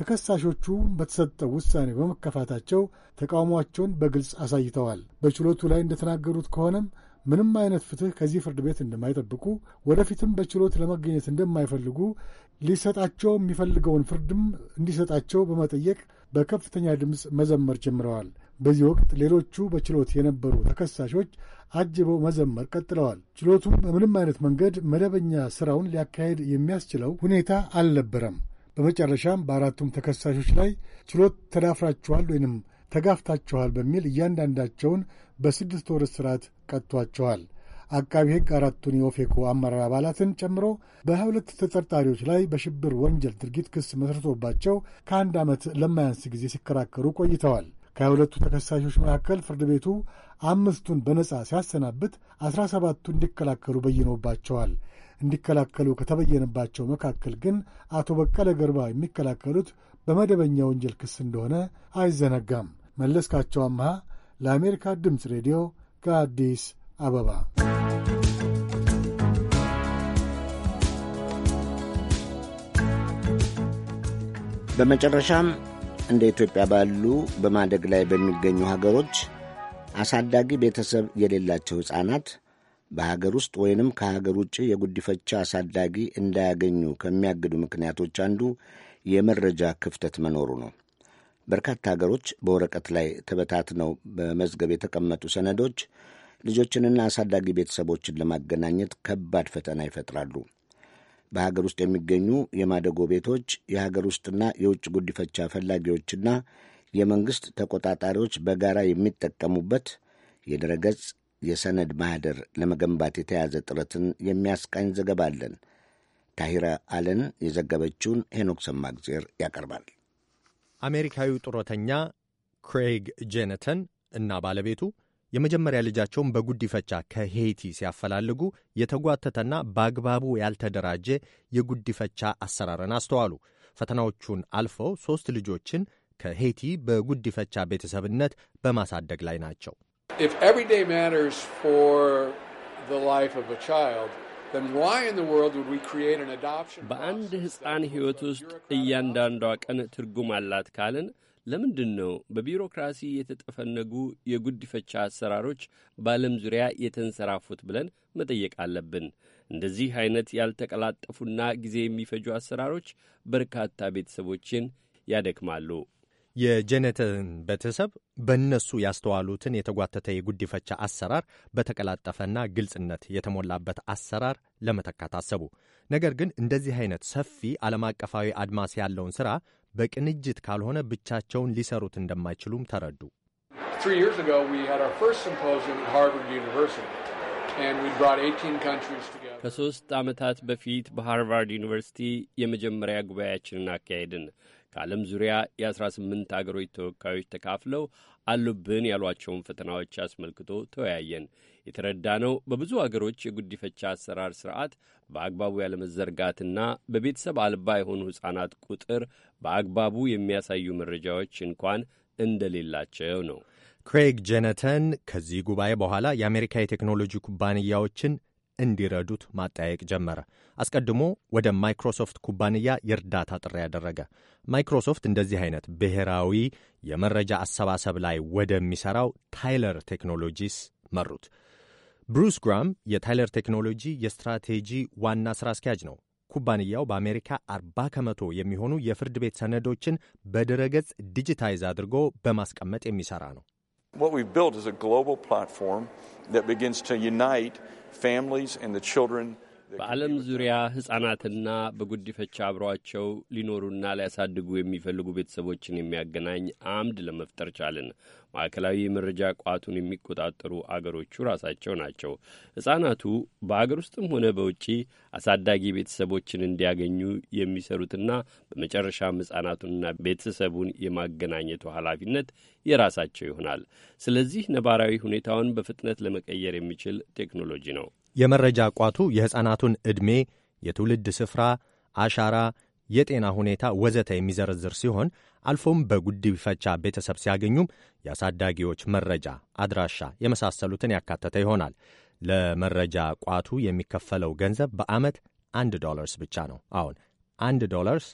ተከሳሾቹ በተሰጠው ውሳኔ በመከፋታቸው ተቃውሟቸውን በግልጽ አሳይተዋል። በችሎቱ ላይ እንደተናገሩት ከሆነም ምንም አይነት ፍትህ ከዚህ ፍርድ ቤት እንደማይጠብቁ ወደፊትም በችሎት ለመገኘት እንደማይፈልጉ ሊሰጣቸው የሚፈልገውን ፍርድም እንዲሰጣቸው በመጠየቅ በከፍተኛ ድምፅ መዘመር ጀምረዋል። በዚህ ወቅት ሌሎቹ በችሎት የነበሩ ተከሳሾች አጅበው መዘመር ቀጥለዋል። ችሎቱም በምንም አይነት መንገድ መደበኛ ስራውን ሊያካሄድ የሚያስችለው ሁኔታ አልነበረም። በመጨረሻም በአራቱም ተከሳሾች ላይ ችሎት ተዳፍራችኋል ወይንም ተጋፍታችኋል በሚል እያንዳንዳቸውን በስድስት ወር እስራት ቀጥቷቸዋል። አቃቢ ሕግ አራቱን የኦፌኮ አመራር አባላትን ጨምሮ በሁለት ሁለት ተጠርጣሪዎች ላይ በሽብር ወንጀል ድርጊት ክስ መስርቶባቸው ከአንድ ዓመት ለማያንስ ጊዜ ሲከራከሩ ቆይተዋል። ከሁለቱ ሁለቱ ተከሳሾች መካከል ፍርድ ቤቱ አምስቱን በነጻ ሲያሰናብት አስራ ሰባቱ እንዲከላከሉ በይኖባቸዋል። እንዲከላከሉ ከተበየነባቸው መካከል ግን አቶ በቀለ ገርባ የሚከላከሉት በመደበኛ ወንጀል ክስ እንደሆነ አይዘነጋም። መለስካቸው አምሃ ለአሜሪካ ድምፅ ሬዲዮ ከአዲስ አበባ በመጨረሻም እንደ ኢትዮጵያ ባሉ በማደግ ላይ በሚገኙ ሀገሮች አሳዳጊ ቤተሰብ የሌላቸው ሕፃናት በሀገር ውስጥ ወይንም ከሀገር ውጭ የጉዲፈቻ አሳዳጊ እንዳያገኙ ከሚያግዱ ምክንያቶች አንዱ የመረጃ ክፍተት መኖሩ ነው። በርካታ ሀገሮች በወረቀት ላይ ተበታትነው በመዝገብ የተቀመጡ ሰነዶች ልጆችንና አሳዳጊ ቤተሰቦችን ለማገናኘት ከባድ ፈተና ይፈጥራሉ። በሀገር ውስጥ የሚገኙ የማደጎ ቤቶች የሀገር ውስጥና የውጭ ጉዲፈቻ ፈላጊዎችና የመንግሥት ተቆጣጣሪዎች በጋራ የሚጠቀሙበት የድረገጽ የሰነድ ማህደር ለመገንባት የተያዘ ጥረትን የሚያስቃኝ ዘገባ አለን። ታሂራ አለን የዘገበችውን ሄኖክ ሰማግዜር ያቀርባል። አሜሪካዊው ጡረተኛ ክሬግ ጄነተን እና ባለቤቱ የመጀመሪያ ልጃቸውን በጉዲፈቻ ከሄይቲ ሲያፈላልጉ የተጓተተና በአግባቡ ያልተደራጀ የጉዲፈቻ አሰራርን አስተዋሉ። ፈተናዎቹን አልፈው ሦስት ልጆችን ከሄይቲ በጉዲፈቻ ቤተሰብነት በማሳደግ ላይ ናቸው። If every day matters for the life of a child, በአንድ ሕፃን ሕይወት ውስጥ እያንዳንዷ ቀን ትርጉም አላት ካልን ለምንድን ነው በቢሮክራሲ የተጠፈነጉ ፈቻ አሰራሮች በዓለም ዙሪያ የተንሰራፉት ብለን መጠየቅ አለብን። እንደዚህ አይነት ያልተቀላጠፉና ጊዜ የሚፈጁ አሰራሮች በርካታ ቤተሰቦችን ያደክማሉ። የጄኔተን ቤተሰብ በእነሱ ያስተዋሉትን የተጓተተ የጉዲፈቻ አሰራር በተቀላጠፈና ግልጽነት የተሞላበት አሰራር ለመተካት አሰቡ። ነገር ግን እንደዚህ አይነት ሰፊ ዓለም አቀፋዊ አድማስ ያለውን ሥራ በቅንጅት ካልሆነ ብቻቸውን ሊሰሩት እንደማይችሉም ተረዱ። ከሦስት ዓመታት በፊት በሃርቫርድ ዩኒቨርሲቲ የመጀመሪያ ጉባኤያችንን አካሄድን። ከዓለም ዙሪያ የ18 አገሮች ተወካዮች ተካፍለው አሉብን ያሏቸውን ፈተናዎች አስመልክቶ ተወያየን። የተረዳ ነው በብዙ አገሮች የጉዲፈቻ አሰራር ስርዓት በአግባቡ ያለመዘርጋትና በቤተሰብ አልባ የሆኑ ሕፃናት ቁጥር በአግባቡ የሚያሳዩ መረጃዎች እንኳን እንደሌላቸው ነው። ክሬግ ጀነተን ከዚህ ጉባኤ በኋላ የአሜሪካ የቴክኖሎጂ ኩባንያዎችን እንዲረዱት ማጠያየቅ ጀመረ። አስቀድሞ ወደ ማይክሮሶፍት ኩባንያ የእርዳታ ጥሪ ያደረገ። ማይክሮሶፍት እንደዚህ አይነት ብሔራዊ የመረጃ አሰባሰብ ላይ ወደሚሠራው ታይለር ቴክኖሎጂስ መሩት። ብሩስ ግራም የታይለር ቴክኖሎጂ የስትራቴጂ ዋና ሥራ አስኪያጅ ነው። ኩባንያው በአሜሪካ 40 ከመቶ የሚሆኑ የፍርድ ቤት ሰነዶችን በድረገጽ ዲጂታይዝ አድርጎ በማስቀመጥ የሚሠራ ነው። families, and the children በዓለም ዙሪያ ሕፃናትና በጉዲፈቻ አብሯቸው ሊኖሩና ሊያሳድጉ የሚፈልጉ ቤተሰቦችን የሚያገናኝ አምድ ለመፍጠር ቻልን። ማዕከላዊ የመረጃ ቋቱን የሚቆጣጠሩ አገሮቹ ራሳቸው ናቸው። ሕፃናቱ በአገር ውስጥም ሆነ በውጪ አሳዳጊ ቤተሰቦችን እንዲያገኙ የሚሰሩትና በመጨረሻም ሕፃናቱንና ቤተሰቡን የማገናኘቱ ኃላፊነት የራሳቸው ይሆናል። ስለዚህ ነባራዊ ሁኔታውን በፍጥነት ለመቀየር የሚችል ቴክኖሎጂ ነው። የመረጃ ቋቱ የሕፃናቱን ዕድሜ፣ የትውልድ ስፍራ፣ አሻራ፣ የጤና ሁኔታ ወዘተ የሚዘረዝር ሲሆን አልፎም በጉዲፈቻ ቤተሰብ ሲያገኙም የአሳዳጊዎች መረጃ፣ አድራሻ የመሳሰሉትን ያካተተ ይሆናል። ለመረጃ ቋቱ የሚከፈለው ገንዘብ በዓመት አንድ ዶላርስ ብቻ ነው። አሁን አንድ ዶላርስ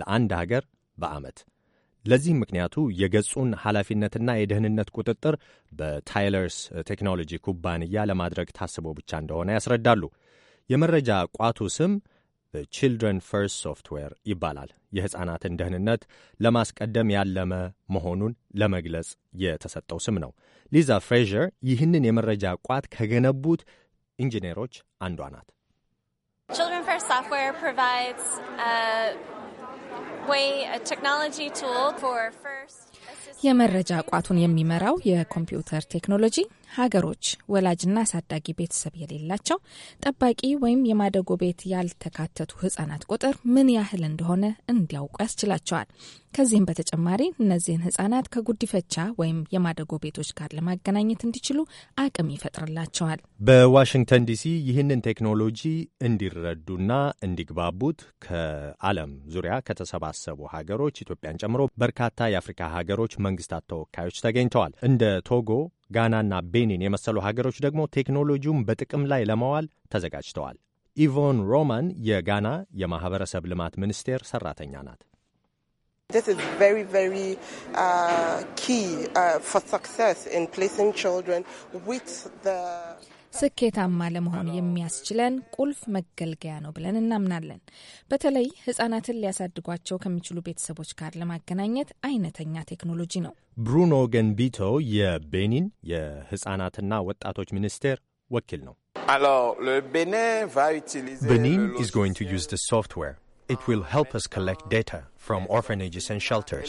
ለአንድ ሀገር በዓመት ለዚህ ምክንያቱ የገጹን ኃላፊነትና የደህንነት ቁጥጥር በታይለርስ ቴክኖሎጂ ኩባንያ ለማድረግ ታስቦ ብቻ እንደሆነ ያስረዳሉ። የመረጃ ቋቱ ስም ቺልድረን ፈርስት ሶፍትዌር ይባላል። የሕፃናትን ደህንነት ለማስቀደም ያለመ መሆኑን ለመግለጽ የተሰጠው ስም ነው። ሊዛ ፍሬዥር ይህንን የመረጃ ቋት ከገነቡት ኢንጂነሮች አንዷ ናት። የመረጃ ቋቱን የሚመራው የኮምፒውተር ቴክኖሎጂ ሀገሮች ወላጅና አሳዳጊ ቤተሰብ የሌላቸው ጠባቂ ወይም የማደጎ ቤት ያልተካተቱ ህጻናት ቁጥር ምን ያህል እንደሆነ እንዲያውቁ ያስችላቸዋል። ከዚህም በተጨማሪ እነዚህን ህጻናት ከጉዲፈቻ ወይም የማደጎ ቤቶች ጋር ለማገናኘት እንዲችሉ አቅም ይፈጥርላቸዋል። በዋሽንግተን ዲሲ ይህንን ቴክኖሎጂ እንዲረዱና እንዲግባቡት ከዓለም ዙሪያ ከተሰባሰቡ ሀገሮች ኢትዮጵያን ጨምሮ በርካታ የአፍሪካ ሀገሮች መንግስታት ተወካዮች ተገኝተዋል። እንደ ቶጎ ጋናና ቤኒን የመሰሉ ሀገሮች ደግሞ ቴክኖሎጂውን በጥቅም ላይ ለማዋል ተዘጋጅተዋል። ኢቮን ሮማን የጋና የማኅበረሰብ ልማት ሚኒስቴር ሠራተኛ ናት። uh, uh, ስኬታማ ለመሆን የሚያስችለን ቁልፍ መገልገያ ነው ብለን እናምናለን። በተለይ ህጻናትን ሊያሳድጓቸው ከሚችሉ ቤተሰቦች ጋር ለማገናኘት አይነተኛ ቴክኖሎጂ ነው። ብሩኖ ገንቢቶ የቤኒን የህጻናትና ወጣቶች ሚኒስቴር ወኪል ነው። ቤኒን is going to use this software. It will help us collect data from orphanages and shelters.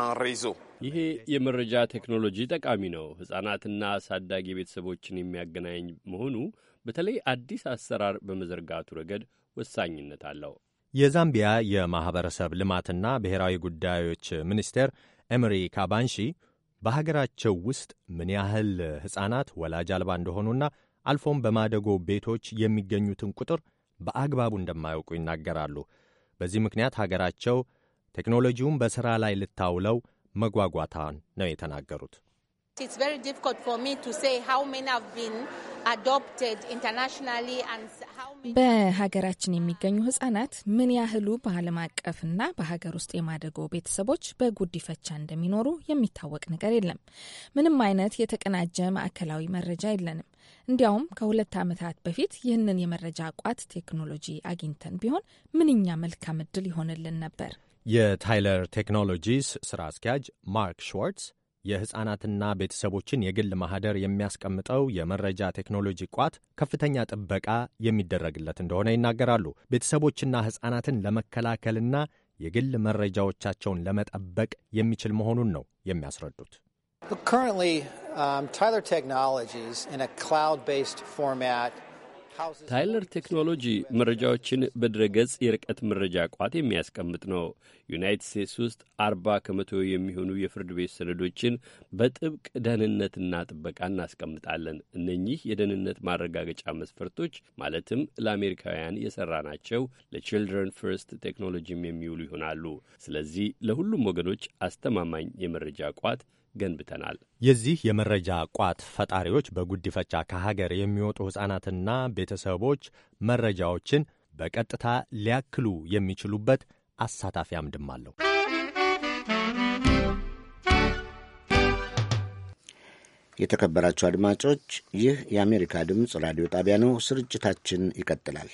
አንሬዞ ይሄ የመረጃ ቴክኖሎጂ ጠቃሚ ነው። ሕፃናትና አሳዳጊ ቤተሰቦችን የሚያገናኝ መሆኑ በተለይ አዲስ አሰራር በመዘርጋቱ ረገድ ወሳኝነት አለው። የዛምቢያ የማኅበረሰብ ልማትና ብሔራዊ ጉዳዮች ሚኒስቴር ኤምሪ ካባንሺ በሀገራቸው ውስጥ ምን ያህል ሕፃናት ወላጅ አልባ እንደሆኑና አልፎም በማደጎ ቤቶች የሚገኙትን ቁጥር በአግባቡ እንደማያውቁ ይናገራሉ። በዚህ ምክንያት ሀገራቸው ቴክኖሎጂውን በሥራ ላይ ልታውለው መጓጓታን ነው የተናገሩት። በሀገራችን የሚገኙ ህጻናት ምን ያህሉ በዓለም አቀፍና በሀገር ውስጥ የማደጎ ቤተሰቦች በጉዲፈቻ እንደሚኖሩ የሚታወቅ ነገር የለም። ምንም አይነት የተቀናጀ ማዕከላዊ መረጃ የለንም። እንዲያውም ከሁለት ዓመታት በፊት ይህንን የመረጃ ቋት ቴክኖሎጂ አግኝተን ቢሆን ምንኛ መልካም እድል ይሆንልን ነበር። የታይለር ቴክኖሎጂስ ሥራ አስኪያጅ ማርክ ሽዋርትስ የሕፃናትና ቤተሰቦችን የግል ማኅደር የሚያስቀምጠው የመረጃ ቴክኖሎጂ ቋት ከፍተኛ ጥበቃ የሚደረግለት እንደሆነ ይናገራሉ። ቤተሰቦችና ሕፃናትን ለመከላከልና የግል መረጃዎቻቸውን ለመጠበቅ የሚችል መሆኑን ነው የሚያስረዱት። Currently, um, Tyler Technologies in a cloud-based format ታይለር ቴክኖሎጂ መረጃዎችን በድረገጽ የርቀት መረጃ ቋት የሚያስቀምጥ ነው። ዩናይትድ ስቴትስ ውስጥ አርባ ከመቶ የሚሆኑ የፍርድ ቤት ሰነዶችን በጥብቅ ደህንነትና ጥበቃ እናስቀምጣለን። እነኚህ የደህንነት ማረጋገጫ መስፈርቶች ማለትም ለአሜሪካውያን የሰራ ናቸው ለችልድረን ፍርስት ቴክኖሎጂም የሚውሉ ይሆናሉ። ስለዚህ ለሁሉም ወገኖች አስተማማኝ የመረጃ ቋት ገንብተናል። የዚህ የመረጃ ቋት ፈጣሪዎች በጉዲፈቻ ከሀገር የሚወጡ ሕፃናትና ቤተሰቦች መረጃዎችን በቀጥታ ሊያክሉ የሚችሉበት አሳታፊ አምድም አለው። የተከበራችሁ አድማጮች፣ ይህ የአሜሪካ ድምፅ ራዲዮ ጣቢያ ነው። ስርጭታችን ይቀጥላል።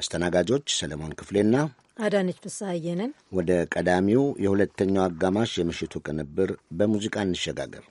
አስተናጋጆች ሰለሞን ክፍሌና አዳነች ፍስሐየንን። ወደ ቀዳሚው የሁለተኛው አጋማሽ የምሽቱ ቅንብር በሙዚቃ እንሸጋገር።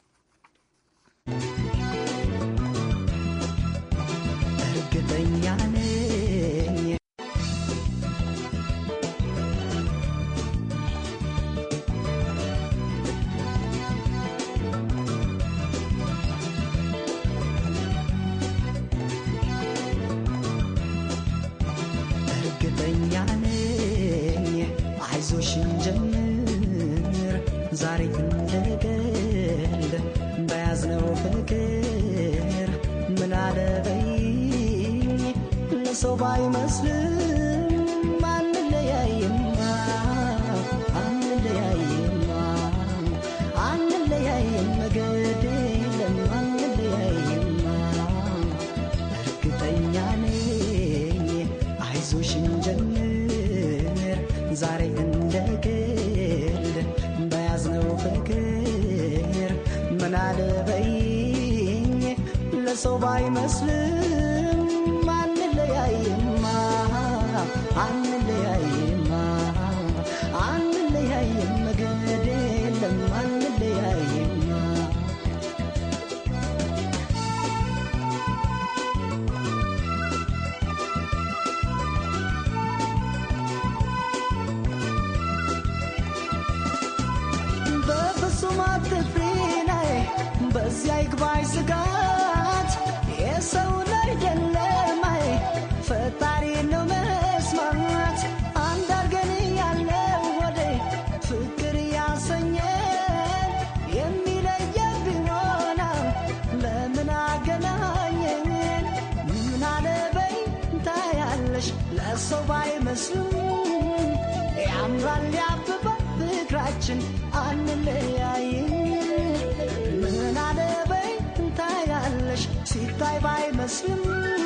ላይ ባይመስልም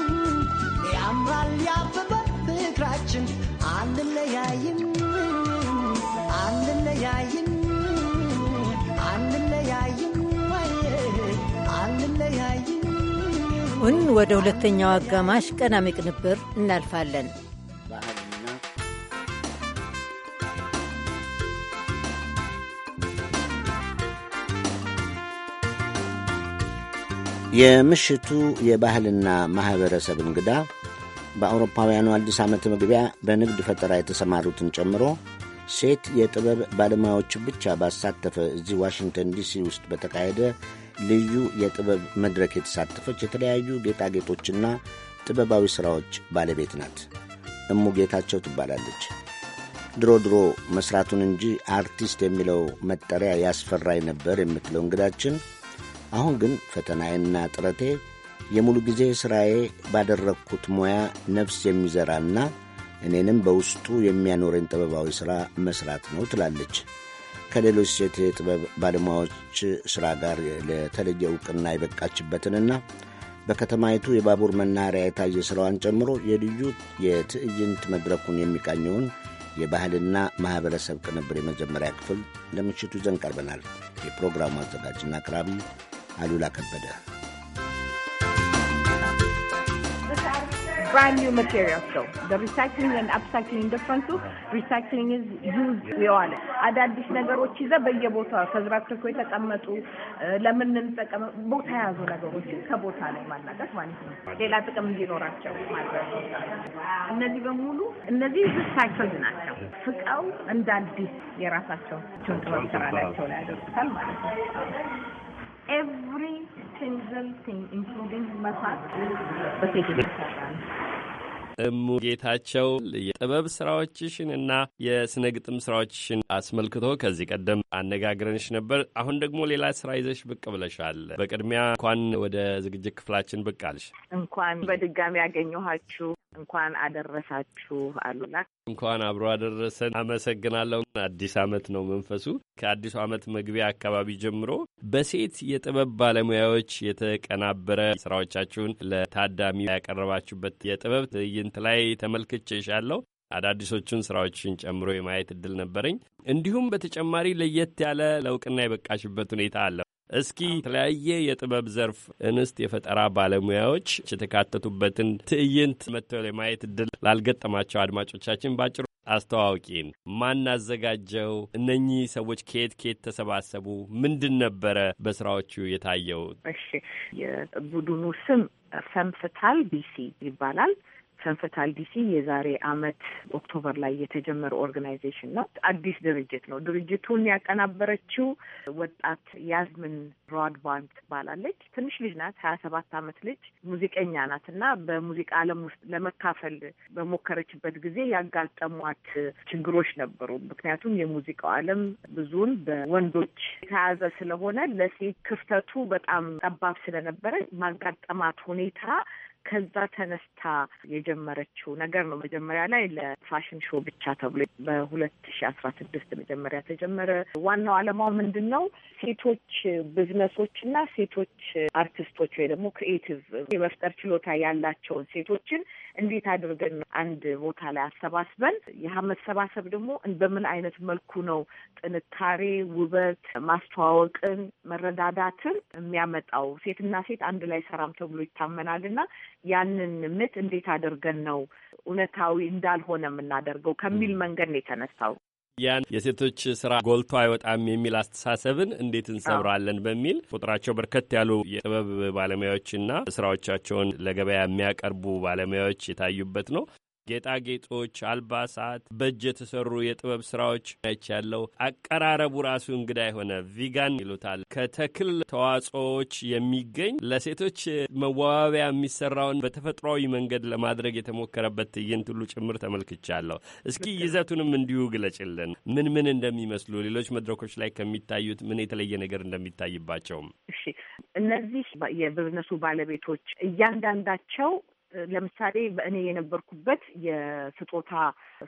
ያምራል ያበበ ፍቅራችን አንለያይም አንለያይም አንለያይም ወደ ሁለተኛው አጋማሽ ቀዳሚ ቅንብር እናልፋለን። የምሽቱ የባህልና ማኅበረሰብ እንግዳ በአውሮፓውያኑ አዲስ ዓመት መግቢያ በንግድ ፈጠራ የተሰማሩትን ጨምሮ ሴት የጥበብ ባለሙያዎች ብቻ ባሳተፈ እዚህ ዋሽንግተን ዲሲ ውስጥ በተካሄደ ልዩ የጥበብ መድረክ የተሳተፈች የተለያዩ ጌጣጌጦችና ጥበባዊ ሥራዎች ባለቤት ናት። እሙ ጌታቸው ትባላለች። ድሮ ድሮ መሥራቱን እንጂ አርቲስት የሚለው መጠሪያ ያስፈራኝ ነበር የምትለው እንግዳችን አሁን ግን ፈተናዬና ጥረቴ የሙሉ ጊዜ ሥራዬ ባደረግኩት ሙያ ነፍስ የሚዘራና እኔንም በውስጡ የሚያኖረኝ ጥበባዊ ሥራ መሥራት ነው ትላለች። ከሌሎች ሴት የጥበብ ባለሙያዎች ሥራ ጋር ለተለየ ዕውቅና የበቃችበትንና በከተማይቱ የባቡር መናኸሪያ የታየ ሥራዋን ጨምሮ የልዩ የትዕይንት መድረኩን የሚቃኘውን የባህልና ማኅበረሰብ ቅንብር የመጀመሪያ ክፍል ለምሽቱ ይዘን ቀርበናል። የፕሮግራሙ አዘጋጅና አቅራቢ አሉላ ከበደ አዳዲስ ነገሮች ይዘ በየቦታው ተዝረክርኮ የተቀመጡ ለምን እንጠቀም ቦታ የያዙ ነገሮችን ከቦታ ላይ ማላቀት ማለት ነው። ሌላ ጥቅም እንዲኖራቸው ማለት እነዚህ በሙሉ እነዚህ ሪሳይክል ናቸው። ፍቀው እንደ አዲስ የራሳቸውን ጥበብ ስራ ላያቸው ላይ ያደርጉታል ማለት ነው። every single thing including massage እሙ ጌታቸው የጥበብ ስራዎችሽን እና የስነ ግጥም ስራዎችሽን አስመልክቶ ከዚህ ቀደም አነጋግረንሽ ነበር። አሁን ደግሞ ሌላ ስራ ይዘሽ ብቅ ብለሻል። በቅድሚያ እንኳን ወደ ዝግጅት ክፍላችን ብቅ አልሽ። እንኳን በድጋሚ ያገኘኋችሁ እንኳን አደረሳችሁ አሉላ። እንኳን አብሮ አደረሰን። አመሰግናለሁ። አዲስ አመት ነው መንፈሱ። ከአዲሱ አመት መግቢያ አካባቢ ጀምሮ በሴት የጥበብ ባለሙያዎች የተቀናበረ ስራዎቻችሁን ለታዳሚ ያቀረባችሁበት የጥበብ ትዕይንት ላይ ተመልክቼሻለሁ። አዳዲሶቹን ስራዎችን ጨምሮ የማየት እድል ነበረኝ። እንዲሁም በተጨማሪ ለየት ያለ ለውቅና የበቃሽበት ሁኔታ አለ። እስኪ የተለያየ የጥበብ ዘርፍ እንስት የፈጠራ ባለሙያዎች የተካተቱበትን ትዕይንት መጥተው የማየት እድል ላልገጠማቸው አድማጮቻችን ባጭሩ አስተዋውቂን። ማን አዘጋጀው? እነኚህ ሰዎች ከየት ከየት ተሰባሰቡ? ምንድን ነበረ በስራዎቹ የታየው? እሺ፣ የቡድኑ ስም ፈምፍታል ቢሲ ይባላል። ሰንፈታል ዲሲ የዛሬ አመት ኦክቶበር ላይ የተጀመረ ኦርጋናይዜሽን ነው። አዲስ ድርጅት ነው። ድርጅቱን ያቀናበረችው ወጣት ያዝምን ሮድባን ትባላለች። ትንሽ ልጅ ናት፣ ሀያ ሰባት አመት ልጅ ሙዚቀኛ ናት እና በሙዚቃ አለም ውስጥ ለመካፈል በሞከረችበት ጊዜ ያጋጠሟት ችግሮች ነበሩ። ምክንያቱም የሙዚቃው አለም ብዙውን በወንዶች የተያዘ ስለሆነ ለሴት ክፍተቱ በጣም ጠባብ ስለነበረ ማጋጠማት ሁኔታ ከዛ ተነስታ የጀመረችው ነገር ነው። መጀመሪያ ላይ ለፋሽን ሾው ብቻ ተብሎ በሁለት ሺ አስራ ስድስት መጀመሪያ ተጀመረ። ዋናው አለማው ምንድን ነው? ሴቶች ብዝነሶች እና ሴቶች አርቲስቶች ወይ ደግሞ ክሪኤቲቭ የመፍጠር ችሎታ ያላቸውን ሴቶችን እንዴት አድርገን አንድ ቦታ ላይ አሰባስበን ይህ መሰባሰብ ደግሞ በምን አይነት መልኩ ነው ጥንካሬ፣ ውበት፣ ማስተዋወቅን፣ መረዳዳትን የሚያመጣው ሴትና ሴት አንድ ላይ ሰራም ተብሎ ይታመናል እና ያንን ምት እንዴት አድርገን ነው እውነታዊ እንዳልሆነ የምናደርገው ከሚል መንገድ ነው የተነሳው። ያን የሴቶች ስራ ጎልቶ አይወጣም የሚል አስተሳሰብን እንዴት እንሰብራለን በሚል ቁጥራቸው በርከት ያሉ የጥበብ ባለሙያዎችና ስራዎቻቸውን ለገበያ የሚያቀርቡ ባለሙያዎች የታዩበት ነው። ጌጣጌጦች፣ አልባሳት፣ በእጅ የተሰሩ የጥበብ ስራዎች ያች ያለው አቀራረቡ ራሱ እንግዳ የሆነ ቪጋን ይሉታል ከተክል ተዋጽኦዎች የሚገኝ ለሴቶች መዋቢያ የሚሰራውን በተፈጥሯዊ መንገድ ለማድረግ የተሞከረበት ትዕይንት ሁሉ ጭምር ተመልክቻለሁ። እስኪ ይዘቱንም እንዲሁ ግለጭልን፣ ምን ምን እንደሚመስሉ ሌሎች መድረኮች ላይ ከሚታዩት ምን የተለየ ነገር እንደሚታይባቸውም። እሺ እነዚህ የብዝነሱ ባለቤቶች እያንዳንዳቸው ለምሳሌ በእኔ የነበርኩበት የስጦታ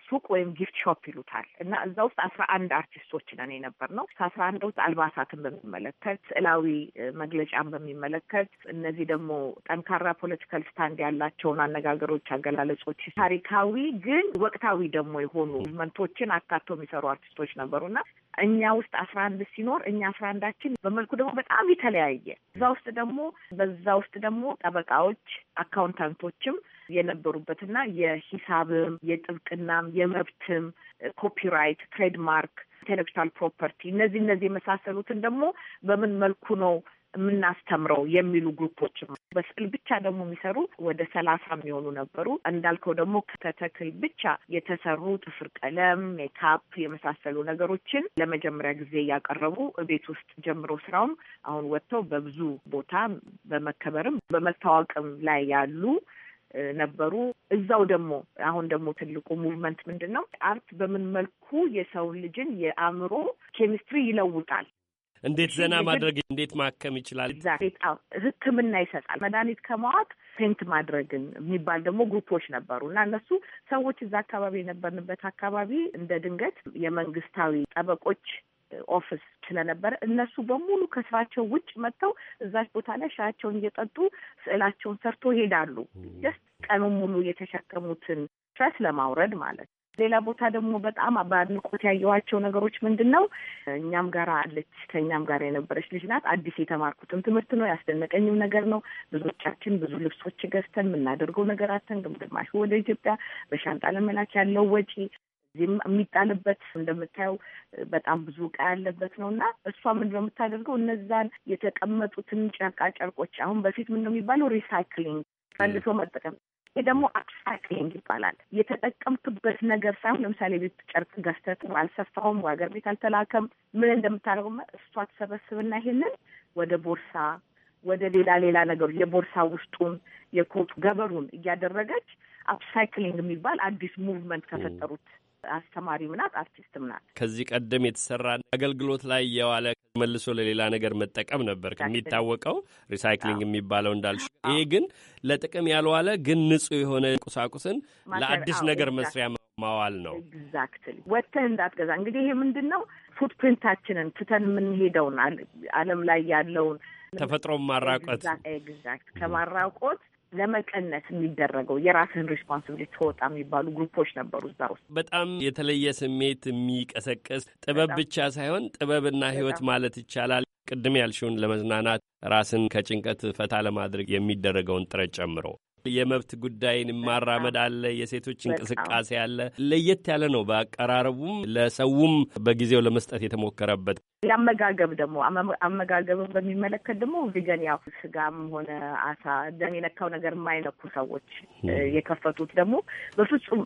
ሱቅ ወይም ጊፍት ሾፕ ይሉታል እና እዛ ውስጥ አስራ አንድ አርቲስቶች ነን የነበር ነው። ከአስራ አንድ ውስጥ አልባሳትን በሚመለከት ስዕላዊ መግለጫን በሚመለከት እነዚህ ደግሞ ጠንካራ ፖለቲካል ስታንድ ያላቸውን አነጋገሮች፣ አገላለጾች ታሪካዊ ግን ወቅታዊ ደግሞ የሆኑ መንቶችን አካቶ የሚሰሩ አርቲስቶች ነበሩና እኛ ውስጥ አስራ አንድ ሲኖር እኛ አስራ አንዳችን በመልኩ ደግሞ በጣም የተለያየ እዛ ውስጥ ደግሞ በዛ ውስጥ ደግሞ ጠበቃዎች አካውንታንቶችም የነበሩበትና የሂሳብም የጥብቅናም የመብትም ኮፒራይት፣ ትሬድማርክ፣ ኢንቴሌክቹዋል ፕሮፐርቲ እነዚህ እነዚህ የመሳሰሉትን ደግሞ በምን መልኩ ነው የምናስተምረው የሚሉ ግሩፖችም በስዕል ብቻ ደግሞ የሚሰሩ ወደ ሰላሳ የሚሆኑ ነበሩ። እንዳልከው ደግሞ ከተክል ብቻ የተሰሩ ጥፍር ቀለም፣ ሜካፕ የመሳሰሉ ነገሮችን ለመጀመሪያ ጊዜ እያቀረቡ ቤት ውስጥ ጀምሮ ስራውም አሁን ወጥተው በብዙ ቦታ በመከበርም በመታወቅም ላይ ያሉ ነበሩ። እዛው ደግሞ አሁን ደግሞ ትልቁ ሙቭመንት ምንድን ነው? አርት በምን መልኩ የሰው ልጅን የአእምሮ ኬሚስትሪ ይለውጣል እንዴት ዘና ማድረግ እንዴት ማከም ይችላል። ሕክምና ይሰጣል። መድኃኒት ከማዋጥ ፔንት ማድረግን የሚባል ደግሞ ግሩፖች ነበሩ እና እነሱ ሰዎች እዛ አካባቢ የነበርንበት አካባቢ እንደ ድንገት የመንግስታዊ ጠበቆች ኦፊስ ስለነበረ እነሱ በሙሉ ከስራቸው ውጭ መጥተው እዛች ቦታ ላይ ሻያቸውን እየጠጡ ስዕላቸውን ሰርቶ ይሄዳሉ። ደስ ቀኑን ሙሉ የተሸከሙትን ስትረስ ለማውረድ ማለት ነው። ሌላ ቦታ ደግሞ በጣም በአድንቆት ያየኋቸው ነገሮች ምንድን ነው? እኛም ጋር አለች፣ ከእኛም ጋር የነበረች ልጅ ናት። አዲስ የተማርኩትም ትምህርት ነው፣ ያስደነቀኝም ነገር ነው። ብዙዎቻችን ብዙ ልብሶች ገዝተን የምናደርገው ነገር አተን ግምግማሽ ወደ ኢትዮጵያ በሻንጣ ለመላክ ያለው ወጪ እዚህም የሚጣልበት እንደምታየው በጣም ብዙ እቃ ያለበት ነው እና እሷ ነው የምታደርገው እነዛን የተቀመጡትን ጨርቃ ጨርቆች አሁን በፊት ምንድነው የሚባለው ሪሳይክሊንግ መልሶ መጠቀም ይሄ ደግሞ አፕሳይክሊንግ ይባላል። የተጠቀምክበት ነገር ሳይሆን ለምሳሌ ቤት ጨርቅ ገዝተህ አልሰፋውም፣ ሀገር ቤት አልተላከም፣ ምን እንደምታደርገው እሷ ትሰበስብና ይሄንን ወደ ቦርሳ ወደ ሌላ ሌላ ነገሩ የቦርሳ ውስጡን የኮቱ ገበሩን እያደረገች አፕሳይክሊንግ የሚባል አዲስ ሙቭመንት ከፈጠሩት አስተማሪም ናት፣ አርቲስትም ናት። ከዚህ ቀደም የተሰራ አገልግሎት ላይ የዋለ መልሶ ለሌላ ነገር መጠቀም ነበር ከሚታወቀው ሪሳይክሊንግ የሚባለው እንዳልሽ። ይሄ ግን ለጥቅም ያልዋለ ግን ንጹህ የሆነ ቁሳቁስን ለአዲስ ነገር መስሪያ ማዋል ነው። ኤግዛክትሊ ወተን እንዳትገዛ። እንግዲህ ይሄ ምንድን ነው ፉትፕሪንታችንን ትተን የምንሄደውን አለም ላይ ያለውን ተፈጥሮን ማራቆት ኤግዛክት ከማራቆት ለመቀነስ የሚደረገው የራስን ሪስፖንሲቢሊቲ ተወጣ የሚባሉ ግሩፖች ነበሩ እዛ ውስጥ። በጣም የተለየ ስሜት የሚቀሰቀስ ጥበብ ብቻ ሳይሆን ጥበብና ህይወት ማለት ይቻላል። ቅድም ያልሽውን ለመዝናናት ራስን ከጭንቀት ፈታ ለማድረግ የሚደረገውን ጥረት ጨምሮ የመብት ጉዳይን ማራመድ አለ፣ የሴቶች እንቅስቃሴ አለ። ለየት ያለ ነው በአቀራረቡም ለሰውም በጊዜው ለመስጠት የተሞከረበት። የአመጋገብ ደግሞ አመጋገብን በሚመለከት ደግሞ ቪገን ያው ስጋም ሆነ አሳ ደም የነካው ነገር የማይነኩ ሰዎች የከፈቱት ደግሞ በፍጹም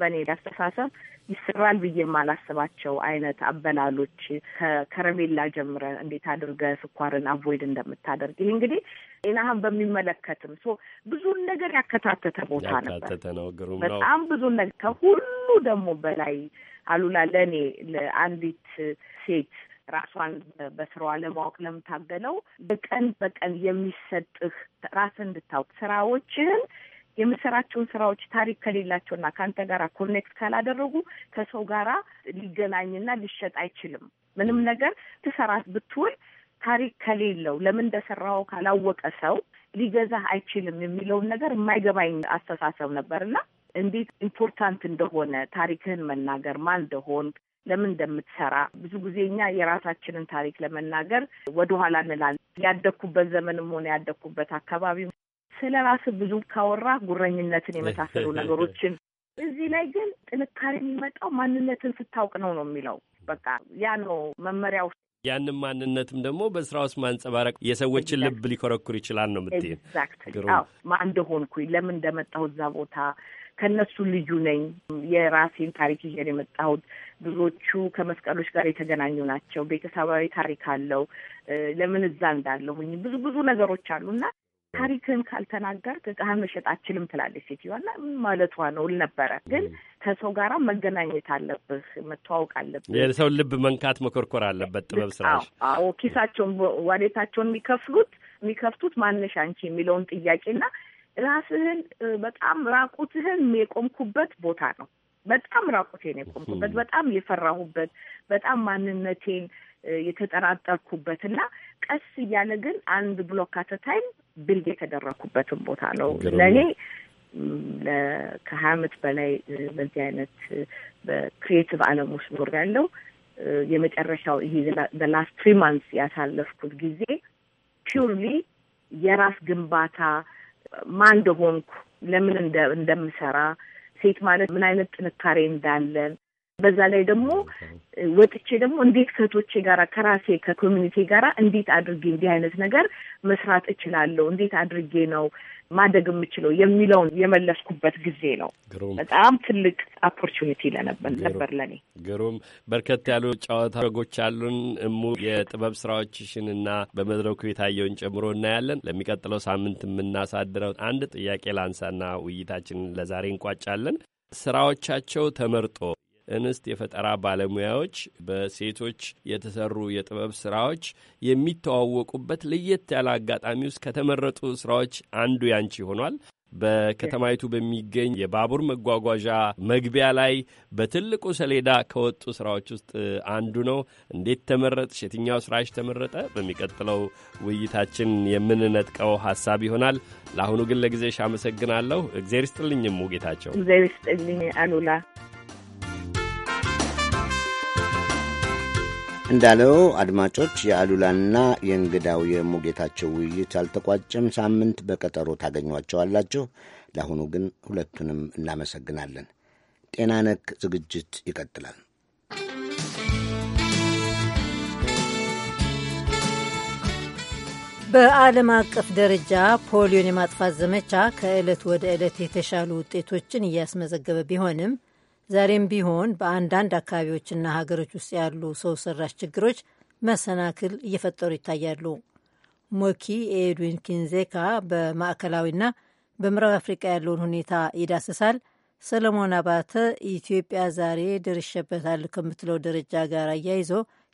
በኔ አስተሳሰብ ይሰራል ብዬ የማላስባቸው አይነት አበላሎች ከከረሜላ ጀምረ እንዴት አድርገ ስኳርን አቮይድ እንደምታደርግ ይህ እንግዲህ ጤናህን በሚመለከትም ሶ ብዙን ነገር ያከታተተ ቦታ ነበር። በጣም ብዙ ነገር ከሁሉ ደግሞ በላይ አሉላ ለእኔ ለአንዲት ሴት ራሷን በስራዋ ለማወቅ ለምታገለው በቀን በቀን የሚሰጥህ ራስን እንድታውቅ ስራዎችህን የምሰራቸውን ስራዎች ታሪክ ከሌላቸውና ከአንተ ጋር ኮኔክት ካላደረጉ ከሰው ጋራ ሊገናኝና ሊሸጥ አይችልም። ምንም ነገር ትሰራት ብትውል ታሪክ ከሌለው ለምን እንደሰራው ካላወቀ ሰው ሊገዛህ አይችልም የሚለውን ነገር የማይገባኝ አስተሳሰብ ነበርና እንዴት ኢምፖርታንት እንደሆነ ታሪክህን መናገር ማን እንደሆን ለምን እንደምትሰራ ብዙ ጊዜ እኛ የራሳችንን ታሪክ ለመናገር ወደኋላ እንላለን። ያደግኩበት ዘመንም ሆነ ያደግኩበት አካባቢ ስለ ራስ ብዙ ካወራ ጉረኝነትን የመሳሰሉ ነገሮችን እዚህ ላይ ግን ጥንካሬ የሚመጣው ማንነትን ስታውቅ ነው ነው የሚለው በቃ ያ ነው መመሪያው። ያንም ማንነትም ደግሞ በስራ ውስጥ ማንጸባረቅ የሰዎችን ልብ ሊኮረኩር ይችላል ነው ምት ማን እንደሆንኩኝ ለምን እንደመጣሁ እዛ ቦታ ከእነሱ ልዩ ነኝ። የራሴን ታሪክ ይዤን የመጣሁት ብዙዎቹ ከመስቀሎች ጋር የተገናኙ ናቸው። ቤተሰባዊ ታሪክ አለው። ለምን እዛ እንዳለሁኝ ብዙ ብዙ ነገሮች አሉ እና ታሪክን ካልተናገር እቃህን መሸጥ አችልም ትላለች ሴትዮዋና ማለቷ ነው ነበረ። ግን ከሰው ጋራ መገናኘት አለብህ፣ መተዋወቅ አለብህ። የሰው ልብ መንካት መኮርኮር አለበት ጥበብ ስራሽ። አዎ ኪሳቸውን ዋሌታቸውን የሚከፍሉት የሚከፍቱት ማንሽ አንቺ የሚለውን ጥያቄና ራስህን በጣም ራቁትህን የቆምኩበት ቦታ ነው። በጣም ራቁቴን የቆምኩበት፣ በጣም የፈራሁበት፣ በጣም ማንነቴን የተጠራጠርኩበት እና ቀስ እያለ ግን አንድ ብሎክ አተታይም ብልድ የተደረኩበትም ቦታ ነው ለእኔ ከሀያ አመት በላይ በዚህ አይነት በክሪኤቲቭ አለም ውስጥ ኖር ያለው የመጨረሻው ይሄ በላስት ትሪ ማንስ ያሳለፍኩት ጊዜ ፒውርሊ የራስ ግንባታ ማን እንደሆንኩ፣ ለምን እንደምሰራ፣ ሴት ማለት ምን አይነት ጥንካሬ እንዳለን በዛ ላይ ደግሞ ወጥቼ ደግሞ እንዴት ከቶቼ ጋራ ከራሴ ከኮሚኒቲ ጋራ እንዴት አድርጌ እንዲህ አይነት ነገር መስራት እችላለሁ፣ እንዴት አድርጌ ነው ማደግ የምችለው የሚለውን የመለስኩበት ጊዜ ነው። በጣም ትልቅ ኦፖርቹኒቲ ነበር ለእኔ። ግሩም በርከት ያሉ ጨዋታ ወጎች አሉን። እሙ የጥበብ ስራዎችሽን እና በመድረኩ የታየውን ጨምሮ እናያለን። ለሚቀጥለው ሳምንት የምናሳድረው አንድ ጥያቄ ላንሳና ውይይታችንን ለዛሬ እንቋጫለን። ስራዎቻቸው ተመርጦ እንስት የፈጠራ ባለሙያዎች በሴቶች የተሰሩ የጥበብ ስራዎች የሚተዋወቁበት ለየት ያለ አጋጣሚ ውስጥ ከተመረጡ ስራዎች አንዱ ያንቺ ሆኗል። በከተማይቱ በሚገኝ የባቡር መጓጓዣ መግቢያ ላይ በትልቁ ሰሌዳ ከወጡ ስራዎች ውስጥ አንዱ ነው። እንዴት ተመረጥሽ? የትኛው ስራሽ ተመረጠ? በሚቀጥለው ውይይታችን የምንነጥቀው ሀሳብ ይሆናል። ለአሁኑ ግን ለጊዜሽ አመሰግናለሁ። እግዜር ይስጥልኝ። ሙጌታቸው እግዜር ይስጥልኝ አሉላ። እንዳለው አድማጮች የአሉላና የእንግዳው የሙጌታቸው ውይይት አልተቋጨም። ሳምንት በቀጠሮ ታገኟቸዋላችሁ። ለአሁኑ ግን ሁለቱንም እናመሰግናለን። ጤና ነክ ዝግጅት ይቀጥላል። በዓለም አቀፍ ደረጃ ፖሊዮን የማጥፋት ዘመቻ ከዕለት ወደ ዕለት የተሻሉ ውጤቶችን እያስመዘገበ ቢሆንም ዛሬም ቢሆን በአንዳንድ አካባቢዎችና ሀገሮች ውስጥ ያሉ ሰው ሰራሽ ችግሮች መሰናክል እየፈጠሩ ይታያሉ። ሞኪ ኤድዊን ኪንዜካ በማዕከላዊና በምዕራብ አፍሪቃ ያለውን ሁኔታ ይዳስሳል። ሰለሞን አባተ ኢትዮጵያ ዛሬ ደርሸበታል ከምትለው ደረጃ ጋር አያይዞ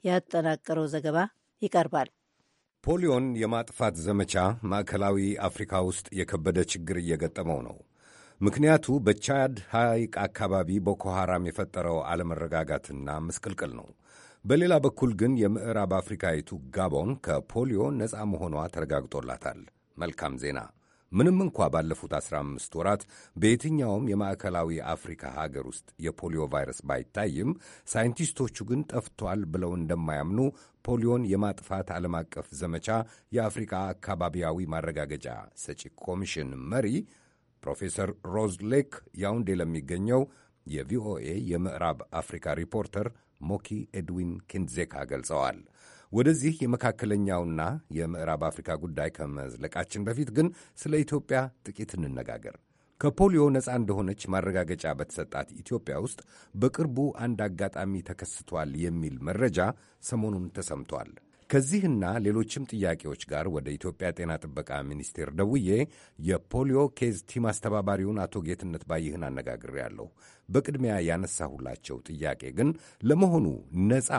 ያጠናቀረው ዘገባ ይቀርባል። ፖሊዮን የማጥፋት ዘመቻ ማዕከላዊ አፍሪካ ውስጥ የከበደ ችግር እየገጠመው ነው። ምክንያቱ በቻድ ሐይቅ አካባቢ ቦኮ ሐራም የፈጠረው አለመረጋጋትና ምስቅልቅል ነው። በሌላ በኩል ግን የምዕራብ አፍሪካዊቱ ጋቦን ከፖሊዮ ነፃ መሆኗ ተረጋግጦላታል። መልካም ዜና። ምንም እንኳ ባለፉት 15 ወራት በየትኛውም የማዕከላዊ አፍሪካ ሀገር ውስጥ የፖሊዮ ቫይረስ ባይታይም ሳይንቲስቶቹ ግን ጠፍቷል ብለው እንደማያምኑ ፖሊዮን የማጥፋት ዓለም አቀፍ ዘመቻ የአፍሪካ አካባቢያዊ ማረጋገጫ ሰጪ ኮሚሽን መሪ ፕሮፌሰር ሮዝ ሌክ ያውንዴ ለሚገኘው የቪኦኤ የምዕራብ አፍሪካ ሪፖርተር ሞኪ ኤድዊን ኪንዜካ ገልጸዋል። ወደዚህ የመካከለኛውና የምዕራብ አፍሪካ ጉዳይ ከመዝለቃችን በፊት ግን ስለ ኢትዮጵያ ጥቂት እንነጋገር። ከፖሊዮ ነፃ እንደሆነች ማረጋገጫ በተሰጣት ኢትዮጵያ ውስጥ በቅርቡ አንድ አጋጣሚ ተከስቷል የሚል መረጃ ሰሞኑን ተሰምቷል። ከዚህና ሌሎችም ጥያቄዎች ጋር ወደ ኢትዮጵያ ጤና ጥበቃ ሚኒስቴር ደውዬ የፖሊዮ ኬዝ ቲም አስተባባሪውን አቶ ጌትነት ባይህን አነጋግሬያለሁ። በቅድሚያ ያነሳሁላቸው ጥያቄ ግን ለመሆኑ ነፃ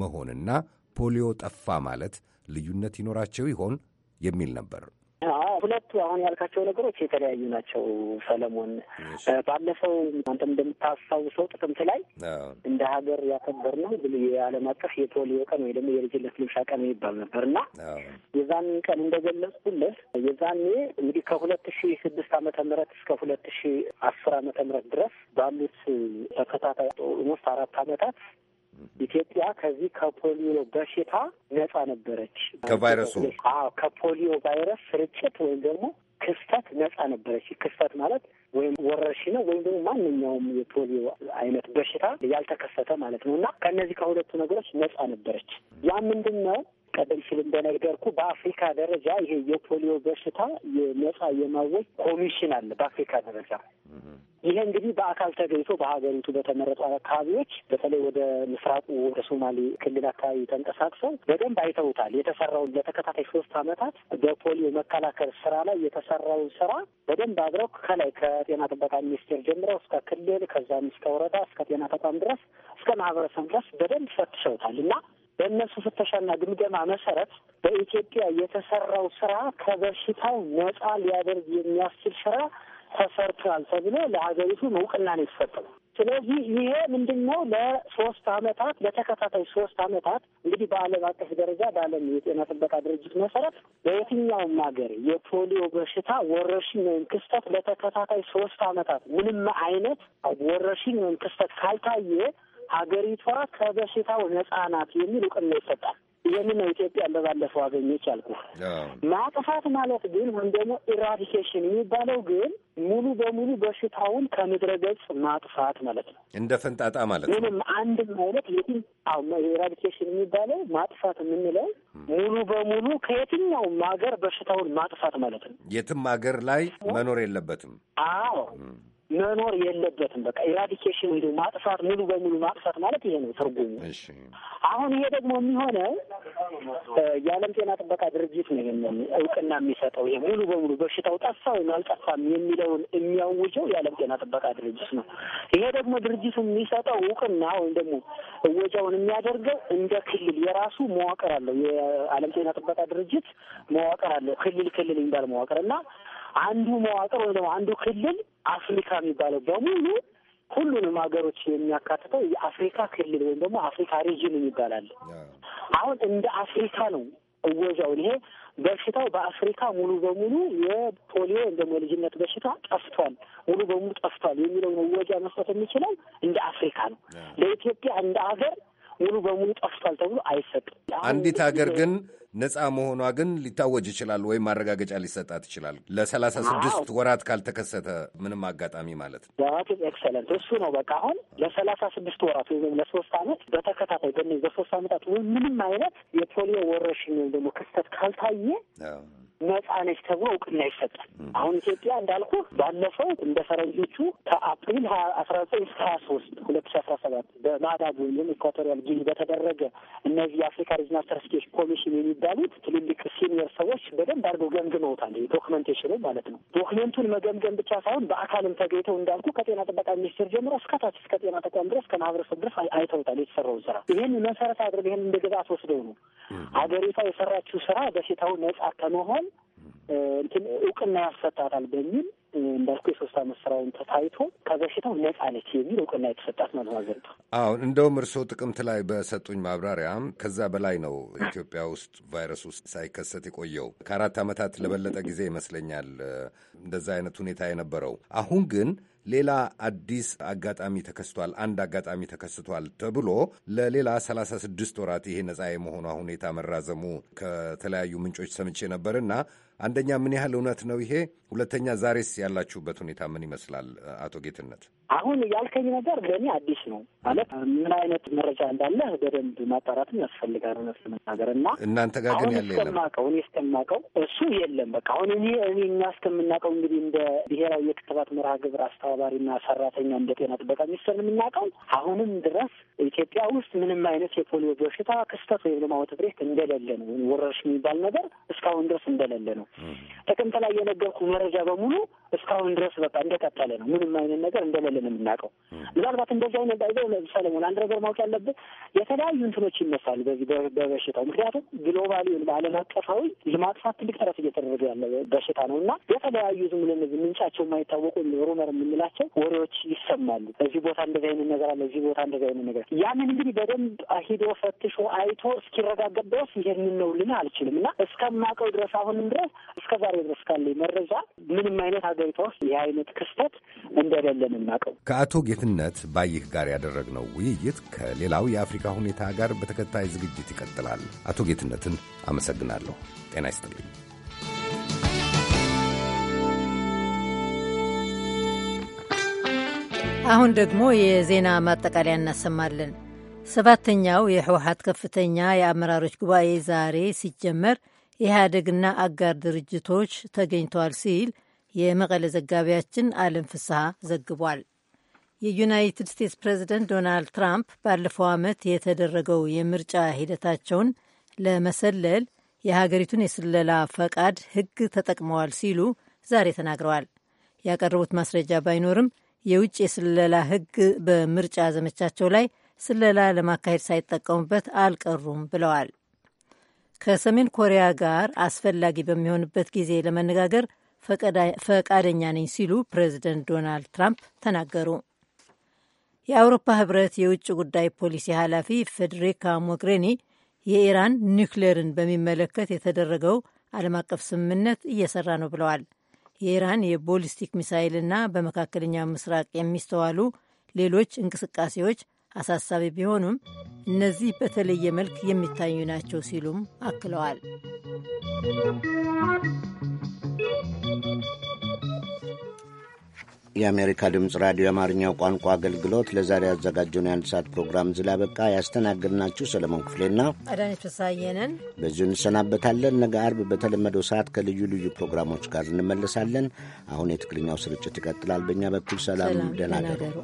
መሆንና ፖሊዮ ጠፋ ማለት ልዩነት ይኖራቸው ይሆን የሚል ነበር። ሁለቱ አሁን ያልካቸው ነገሮች የተለያዩ ናቸው ሰለሞን። ባለፈው አንተም እንደምታስታውሰው ጥቅምት ላይ እንደ ሀገር ያከበርነው የዓለም አቀፍ የፖሊዮ ቀን ወይ ደግሞ የልጅነት ልምሻ ቀን ይባል ነበር እና የዛን ቀን እንደገለጽኩልህ የዛን እንግዲህ ከሁለት ሺ ስድስት ዓመተ ምህረት እስከ ሁለት ሺ አስር ዓመተ ምህረት ድረስ ባሉት ተከታታይ ሞስት አራት ዓመታት ኢትዮጵያ ከዚህ ከፖሊዮ በሽታ ነጻ ነበረች። ከቫይረሱ ከፖሊዮ ቫይረስ ስርጭት ወይም ደግሞ ክስተት ነጻ ነበረች። ክስተት ማለት ወይም ወረርሽ ነው ወይም ደግሞ ማንኛውም የፖሊዮ አይነት በሽታ ያልተከሰተ ማለት ነው እና ከእነዚህ ከሁለቱ ነገሮች ነጻ ነበረች። ያ ምንድን ነው ቀደም ሲል እንደነገርኩ በአፍሪካ ደረጃ ይሄ የፖሊዮ በሽታ የነጻ የማወጅ ኮሚሽን አለ በአፍሪካ ደረጃ። ይሄ እንግዲህ በአካል ተገኝቶ በሀገሪቱ በተመረጡ አካባቢዎች በተለይ ወደ ምስራቁ ወደ ሶማሌ ክልል አካባቢ ተንቀሳቅሰው በደንብ አይተውታል። የተሰራውን ለተከታታይ ሶስት ዓመታት በፖሊዮ መከላከል ስራ ላይ የተሰራውን ስራ በደንብ አብረው ከላይ ከጤና ጥበቃ ሚኒስቴር ጀምረው እስከ ክልል ከዛም እስከ ወረዳ እስከ ጤና ተቋም ድረስ እስከ ማህበረሰብ ድረስ በደንብ ፈትሸውታል እና በእነሱ ፍተሻና ግምገማ መሰረት በኢትዮጵያ የተሰራው ስራ ከበሽታው ነጻ ሊያደርግ የሚያስችል ስራ ተሰርቷል ተብሎ ለሀገሪቱ እውቅና ነው የተሰጠው። ስለዚህ ይሄ ምንድን ነው? ለሶስት አመታት ለተከታታይ ሶስት አመታት እንግዲህ በዓለም አቀፍ ደረጃ በዓለም የጤና ጥበቃ ድርጅት መሰረት በየትኛውም ሀገር የፖሊዮ በሽታ ወረርሽኝ ወይም ክስተት ለተከታታይ ሶስት አመታት ምንም አይነት ወረርሽኝ ወይም ክስተት ካልታየ ሀገሪቷ ከበሽታው ነጻ ናት የሚል እውቅና ይሰጣል። ይህንን ነው ኢትዮጵያ እንደባለፈው አገኘች አልኩ። ማጥፋት ማለት ግን ወይም ደግሞ ኢራዲኬሽን የሚባለው ግን ሙሉ በሙሉ በሽታውን ከምድረ ገጽ ማጥፋት ማለት ነው። እንደ ፈንጣጣ ማለት ነው። ምንም አንድም አይነት የትም ኢራዲኬሽን የሚባለው ማጥፋት የምንለው ሙሉ በሙሉ ከየትኛውም ሀገር በሽታውን ማጥፋት ማለት ነው። የትም ሀገር ላይ መኖር የለበትም። አዎ መኖር የለበትም። በቃ ኢራዲኬሽን ወይ ማጥፋት ሙሉ በሙሉ ማጥፋት ማለት ይሄ ነው ትርጉሙ። አሁን ይሄ ደግሞ የሚሆነው የዓለም ጤና ጥበቃ ድርጅት ነው ይሄንን እውቅና የሚሰጠው። ይሄ ሙሉ በሙሉ በሽታው ጠፋ ወይም አልጠፋም የሚለውን የሚያውጀው የዓለም ጤና ጥበቃ ድርጅት ነው። ይሄ ደግሞ ድርጅቱ የሚሰጠው እውቅና ወይም ደግሞ እወጃውን የሚያደርገው እንደ ክልል የራሱ መዋቅር አለው። የዓለም ጤና ጥበቃ ድርጅት መዋቅር አለው። ክልል ክልል የሚባል መዋቅር እና አንዱ መዋቅር ወይ ደግሞ አንዱ ክልል አፍሪካ የሚባለው በሙሉ ሁሉንም ሀገሮች የሚያካትተው የአፍሪካ ክልል ወይም ደግሞ አፍሪካ ሪጅን ይባላል። አሁን እንደ አፍሪካ ነው እወጃውን ይሄ በሽታው በአፍሪካ ሙሉ በሙሉ የፖሊዮ ወይም ደግሞ የልጅነት በሽታ ጠፍቷል፣ ሙሉ በሙሉ ጠፍቷል የሚለውን እወጃ መስጠት የሚችለው እንደ አፍሪካ ነው። ለኢትዮጵያ እንደ ሀገር ሙሉ በሙሉ ጠፍቷል ተብሎ አይሰጥም። አንዲት ሀገር ግን ነፃ መሆኗ ግን ሊታወጅ ይችላል ወይም ማረጋገጫ ሊሰጣት ይችላል። ለሰላሳ ስድስት ወራት ካልተከሰተ ምንም አጋጣሚ ማለት ነው። ኤክሰለንት እሱ ነው በቃ አሁን ለሰላሳ ስድስት ወራት ወይም ለሶስት አመት በተከታታይ በ በሶስት አመታት ወይም ምንም አይነት የፖሊዮ ወረርሽኝ ወይም ደግሞ ክስተት ካልታየ ነች ተብሎ እውቅና ይሰጣል። አሁን ኢትዮጵያ እንዳልኩ ባለፈው እንደ ፈረንጆቹ ከአፕሪል ሀያ አስራ ዘጠኝ እስከ ሀያ ሶስት ሁለት ሺ አስራ ሰባት በማዳግ ወይም ኢኳቶሪያል ጊኒ በተደረገ እነዚህ የአፍሪካ ሪጅናል ተርስኬሽ ኮሚሽን የሚባሉት ትልልቅ ሲኒየር ሰዎች በደንብ አድርገው ገምግመውታል። ዶክመንቴሽኑ ማለት ነው። ዶክመንቱን መገምገም ብቻ ሳይሆን በአካልም ተገኝተው እንዳልኩ ከጤና ጥበቃ ሚኒስቴር ጀምሮ እስከታች እስከ ጤና ተቋም ድረስ ከማህበረሰብ ድረስ አይተውታል የተሰራውን ስራ። ይህን መሰረት አድርገው ይህን እንደ ግብዓት ወስደው ነው ሀገሪቷ የሰራችው ስራ በሽታው ነጻ ከመሆን እንትን እውቅና ያሰጣታል በሚል እንዳልኩ የሶስት አመት ስራውን ተታይቶ ከበሽታው ነጻ ነች የሚል እውቅና የተሰጣት ነው ሀገሪቷ። አሁን እንደውም እርስዎ ጥቅምት ላይ በሰጡኝ ማብራሪያ ከዛ በላይ ነው ኢትዮጵያ ውስጥ ቫይረስ ውስጥ ሳይከሰት የቆየው ከአራት አመታት ለበለጠ ጊዜ ይመስለኛል እንደዛ አይነት ሁኔታ የነበረው። አሁን ግን ሌላ አዲስ አጋጣሚ ተከስቷል፣ አንድ አጋጣሚ ተከስቷል ተብሎ ለሌላ 36 ወራት ይሄ ነጻ የመሆኗ ሁኔታ መራዘሙ ከተለያዩ ምንጮች ሰምቼ ነበርና አንደኛ ምን ያህል እውነት ነው ይሄ? ሁለተኛ ዛሬስ ያላችሁበት ሁኔታ ምን ይመስላል? አቶ ጌትነት፣ አሁን ያልከኝ ነገር ለእኔ አዲስ ነው። ማለት ምን አይነት መረጃ እንዳለ በደንብ ማጣራትም ያስፈልጋል እውነት ለመናገር እና እናንተ ጋር ግን ያለ እስከማውቀው እኔ እስከማውቀው እሱ የለም። በቃ አሁን እኔ እኔ እኛ እስከምናውቀው እንግዲህ እንደ ብሔራዊ የክትባት መርሃ ግብር አስተባባሪና ሰራተኛ እንደ ጤና ጥበቃ ሚኒስቴር የምናውቀው አሁንም ድረስ ኢትዮጵያ ውስጥ ምንም አይነት የፖሊዮ በሽታ ክስተት ወይም ደግሞ አውትብሬክ እንደሌለ ነው። ወረርሽ የሚባል ነገር እስካሁን ድረስ እንደሌለ ነው። ጥቅምት ላይ የነገርኩ መረጃ በሙሉ እስካሁን ድረስ በቃ እንደቀጠለ ነው። ምንም አይነት ነገር እንደሌለ ነው የምናውቀው። ምናልባት እንደዚህ አይነት ባይዘው ሰለሞን፣ አንድ ነገር ማወቅ ያለብህ የተለያዩ እንትኖች ይነሳሉ በዚህ በበሽታው ምክንያቱም ግሎባሊ በዓለም አቀፋዊ ለማጥፋት ትልቅ ጥረት እየተደረገ ያለ በሽታ ነው እና የተለያዩ ዝም ብሎ እነዚህ ምንጫቸው የማይታወቁ ሩመር የምንላቸው ወሬዎች ይሰማሉ። እዚህ ቦታ እንደዚህ አይነት ነገር አለ፣ እዚህ ቦታ እንደዚህ አይነት ነገር ያንን እንግዲህ በደንብ ሂዶ ፈትሾ አይቶ እስኪረጋገጥ ድረስ ይሄንን ነው ልንህ አልችልም እና እስከማውቀው ድረስ አሁንም ድረስ እስከ ዛሬ ድረስ ካለ መረጃ ምንም አይነት ሀገሪቷ ውስጥ ይህ አይነት ክስተት እንደሌለን እናቀው። ከአቶ ጌትነት ባይህ ጋር ያደረግነው ውይይት ከሌላው የአፍሪካ ሁኔታ ጋር በተከታይ ዝግጅት ይቀጥላል። አቶ ጌትነትን አመሰግናለሁ። ጤና ይስጥልኝ። አሁን ደግሞ የዜና ማጠቃለያ እናሰማለን። ሰባተኛው የህወሀት ከፍተኛ የአመራሮች ጉባኤ ዛሬ ሲጀመር የኢህአዴግና አጋር ድርጅቶች ተገኝተዋል ሲል የመቀለ ዘጋቢያችን አለም ፍስሐ ዘግቧል። የዩናይትድ ስቴትስ ፕሬዝደንት ዶናልድ ትራምፕ ባለፈው ዓመት የተደረገው የምርጫ ሂደታቸውን ለመሰለል የሀገሪቱን የስለላ ፈቃድ ሕግ ተጠቅመዋል ሲሉ ዛሬ ተናግረዋል። ያቀረቡት ማስረጃ ባይኖርም የውጭ የስለላ ሕግ በምርጫ ዘመቻቸው ላይ ስለላ ለማካሄድ ሳይጠቀሙበት አልቀሩም ብለዋል። ከሰሜን ኮሪያ ጋር አስፈላጊ በሚሆንበት ጊዜ ለመነጋገር ፈቃደኛ ነኝ ሲሉ ፕሬዚደንት ዶናልድ ትራምፕ ተናገሩ። የአውሮፓ ህብረት የውጭ ጉዳይ ፖሊሲ ኃላፊ ፌዴሪካ ሞግሬኒ የኢራን ኒውክሌርን በሚመለከት የተደረገው ዓለም አቀፍ ስምምነት እየሰራ ነው ብለዋል። የኢራን የቦሊስቲክ ሚሳይልና በመካከለኛው ምስራቅ የሚስተዋሉ ሌሎች እንቅስቃሴዎች አሳሳቢ ቢሆኑም እነዚህ በተለየ መልክ የሚታዩ ናቸው ሲሉም አክለዋል። የአሜሪካ ድምፅ ራዲዮ የአማርኛው ቋንቋ አገልግሎት ለዛሬ ያዘጋጀውን የአንድ ሰዓት ፕሮግራም እዚህ ላይ በቃ ያስተናገድናችሁ ሰለሞን ክፍሌና አዳነች ፍስሐየንን በዚሁ እንሰናበታለን። ነገ አርብ በተለመደው ሰዓት ከልዩ ልዩ ፕሮግራሞች ጋር እንመለሳለን። አሁን የትግርኛው ስርጭት ይቀጥላል። በእኛ በኩል ሰላም፣ ደህና ደሩ።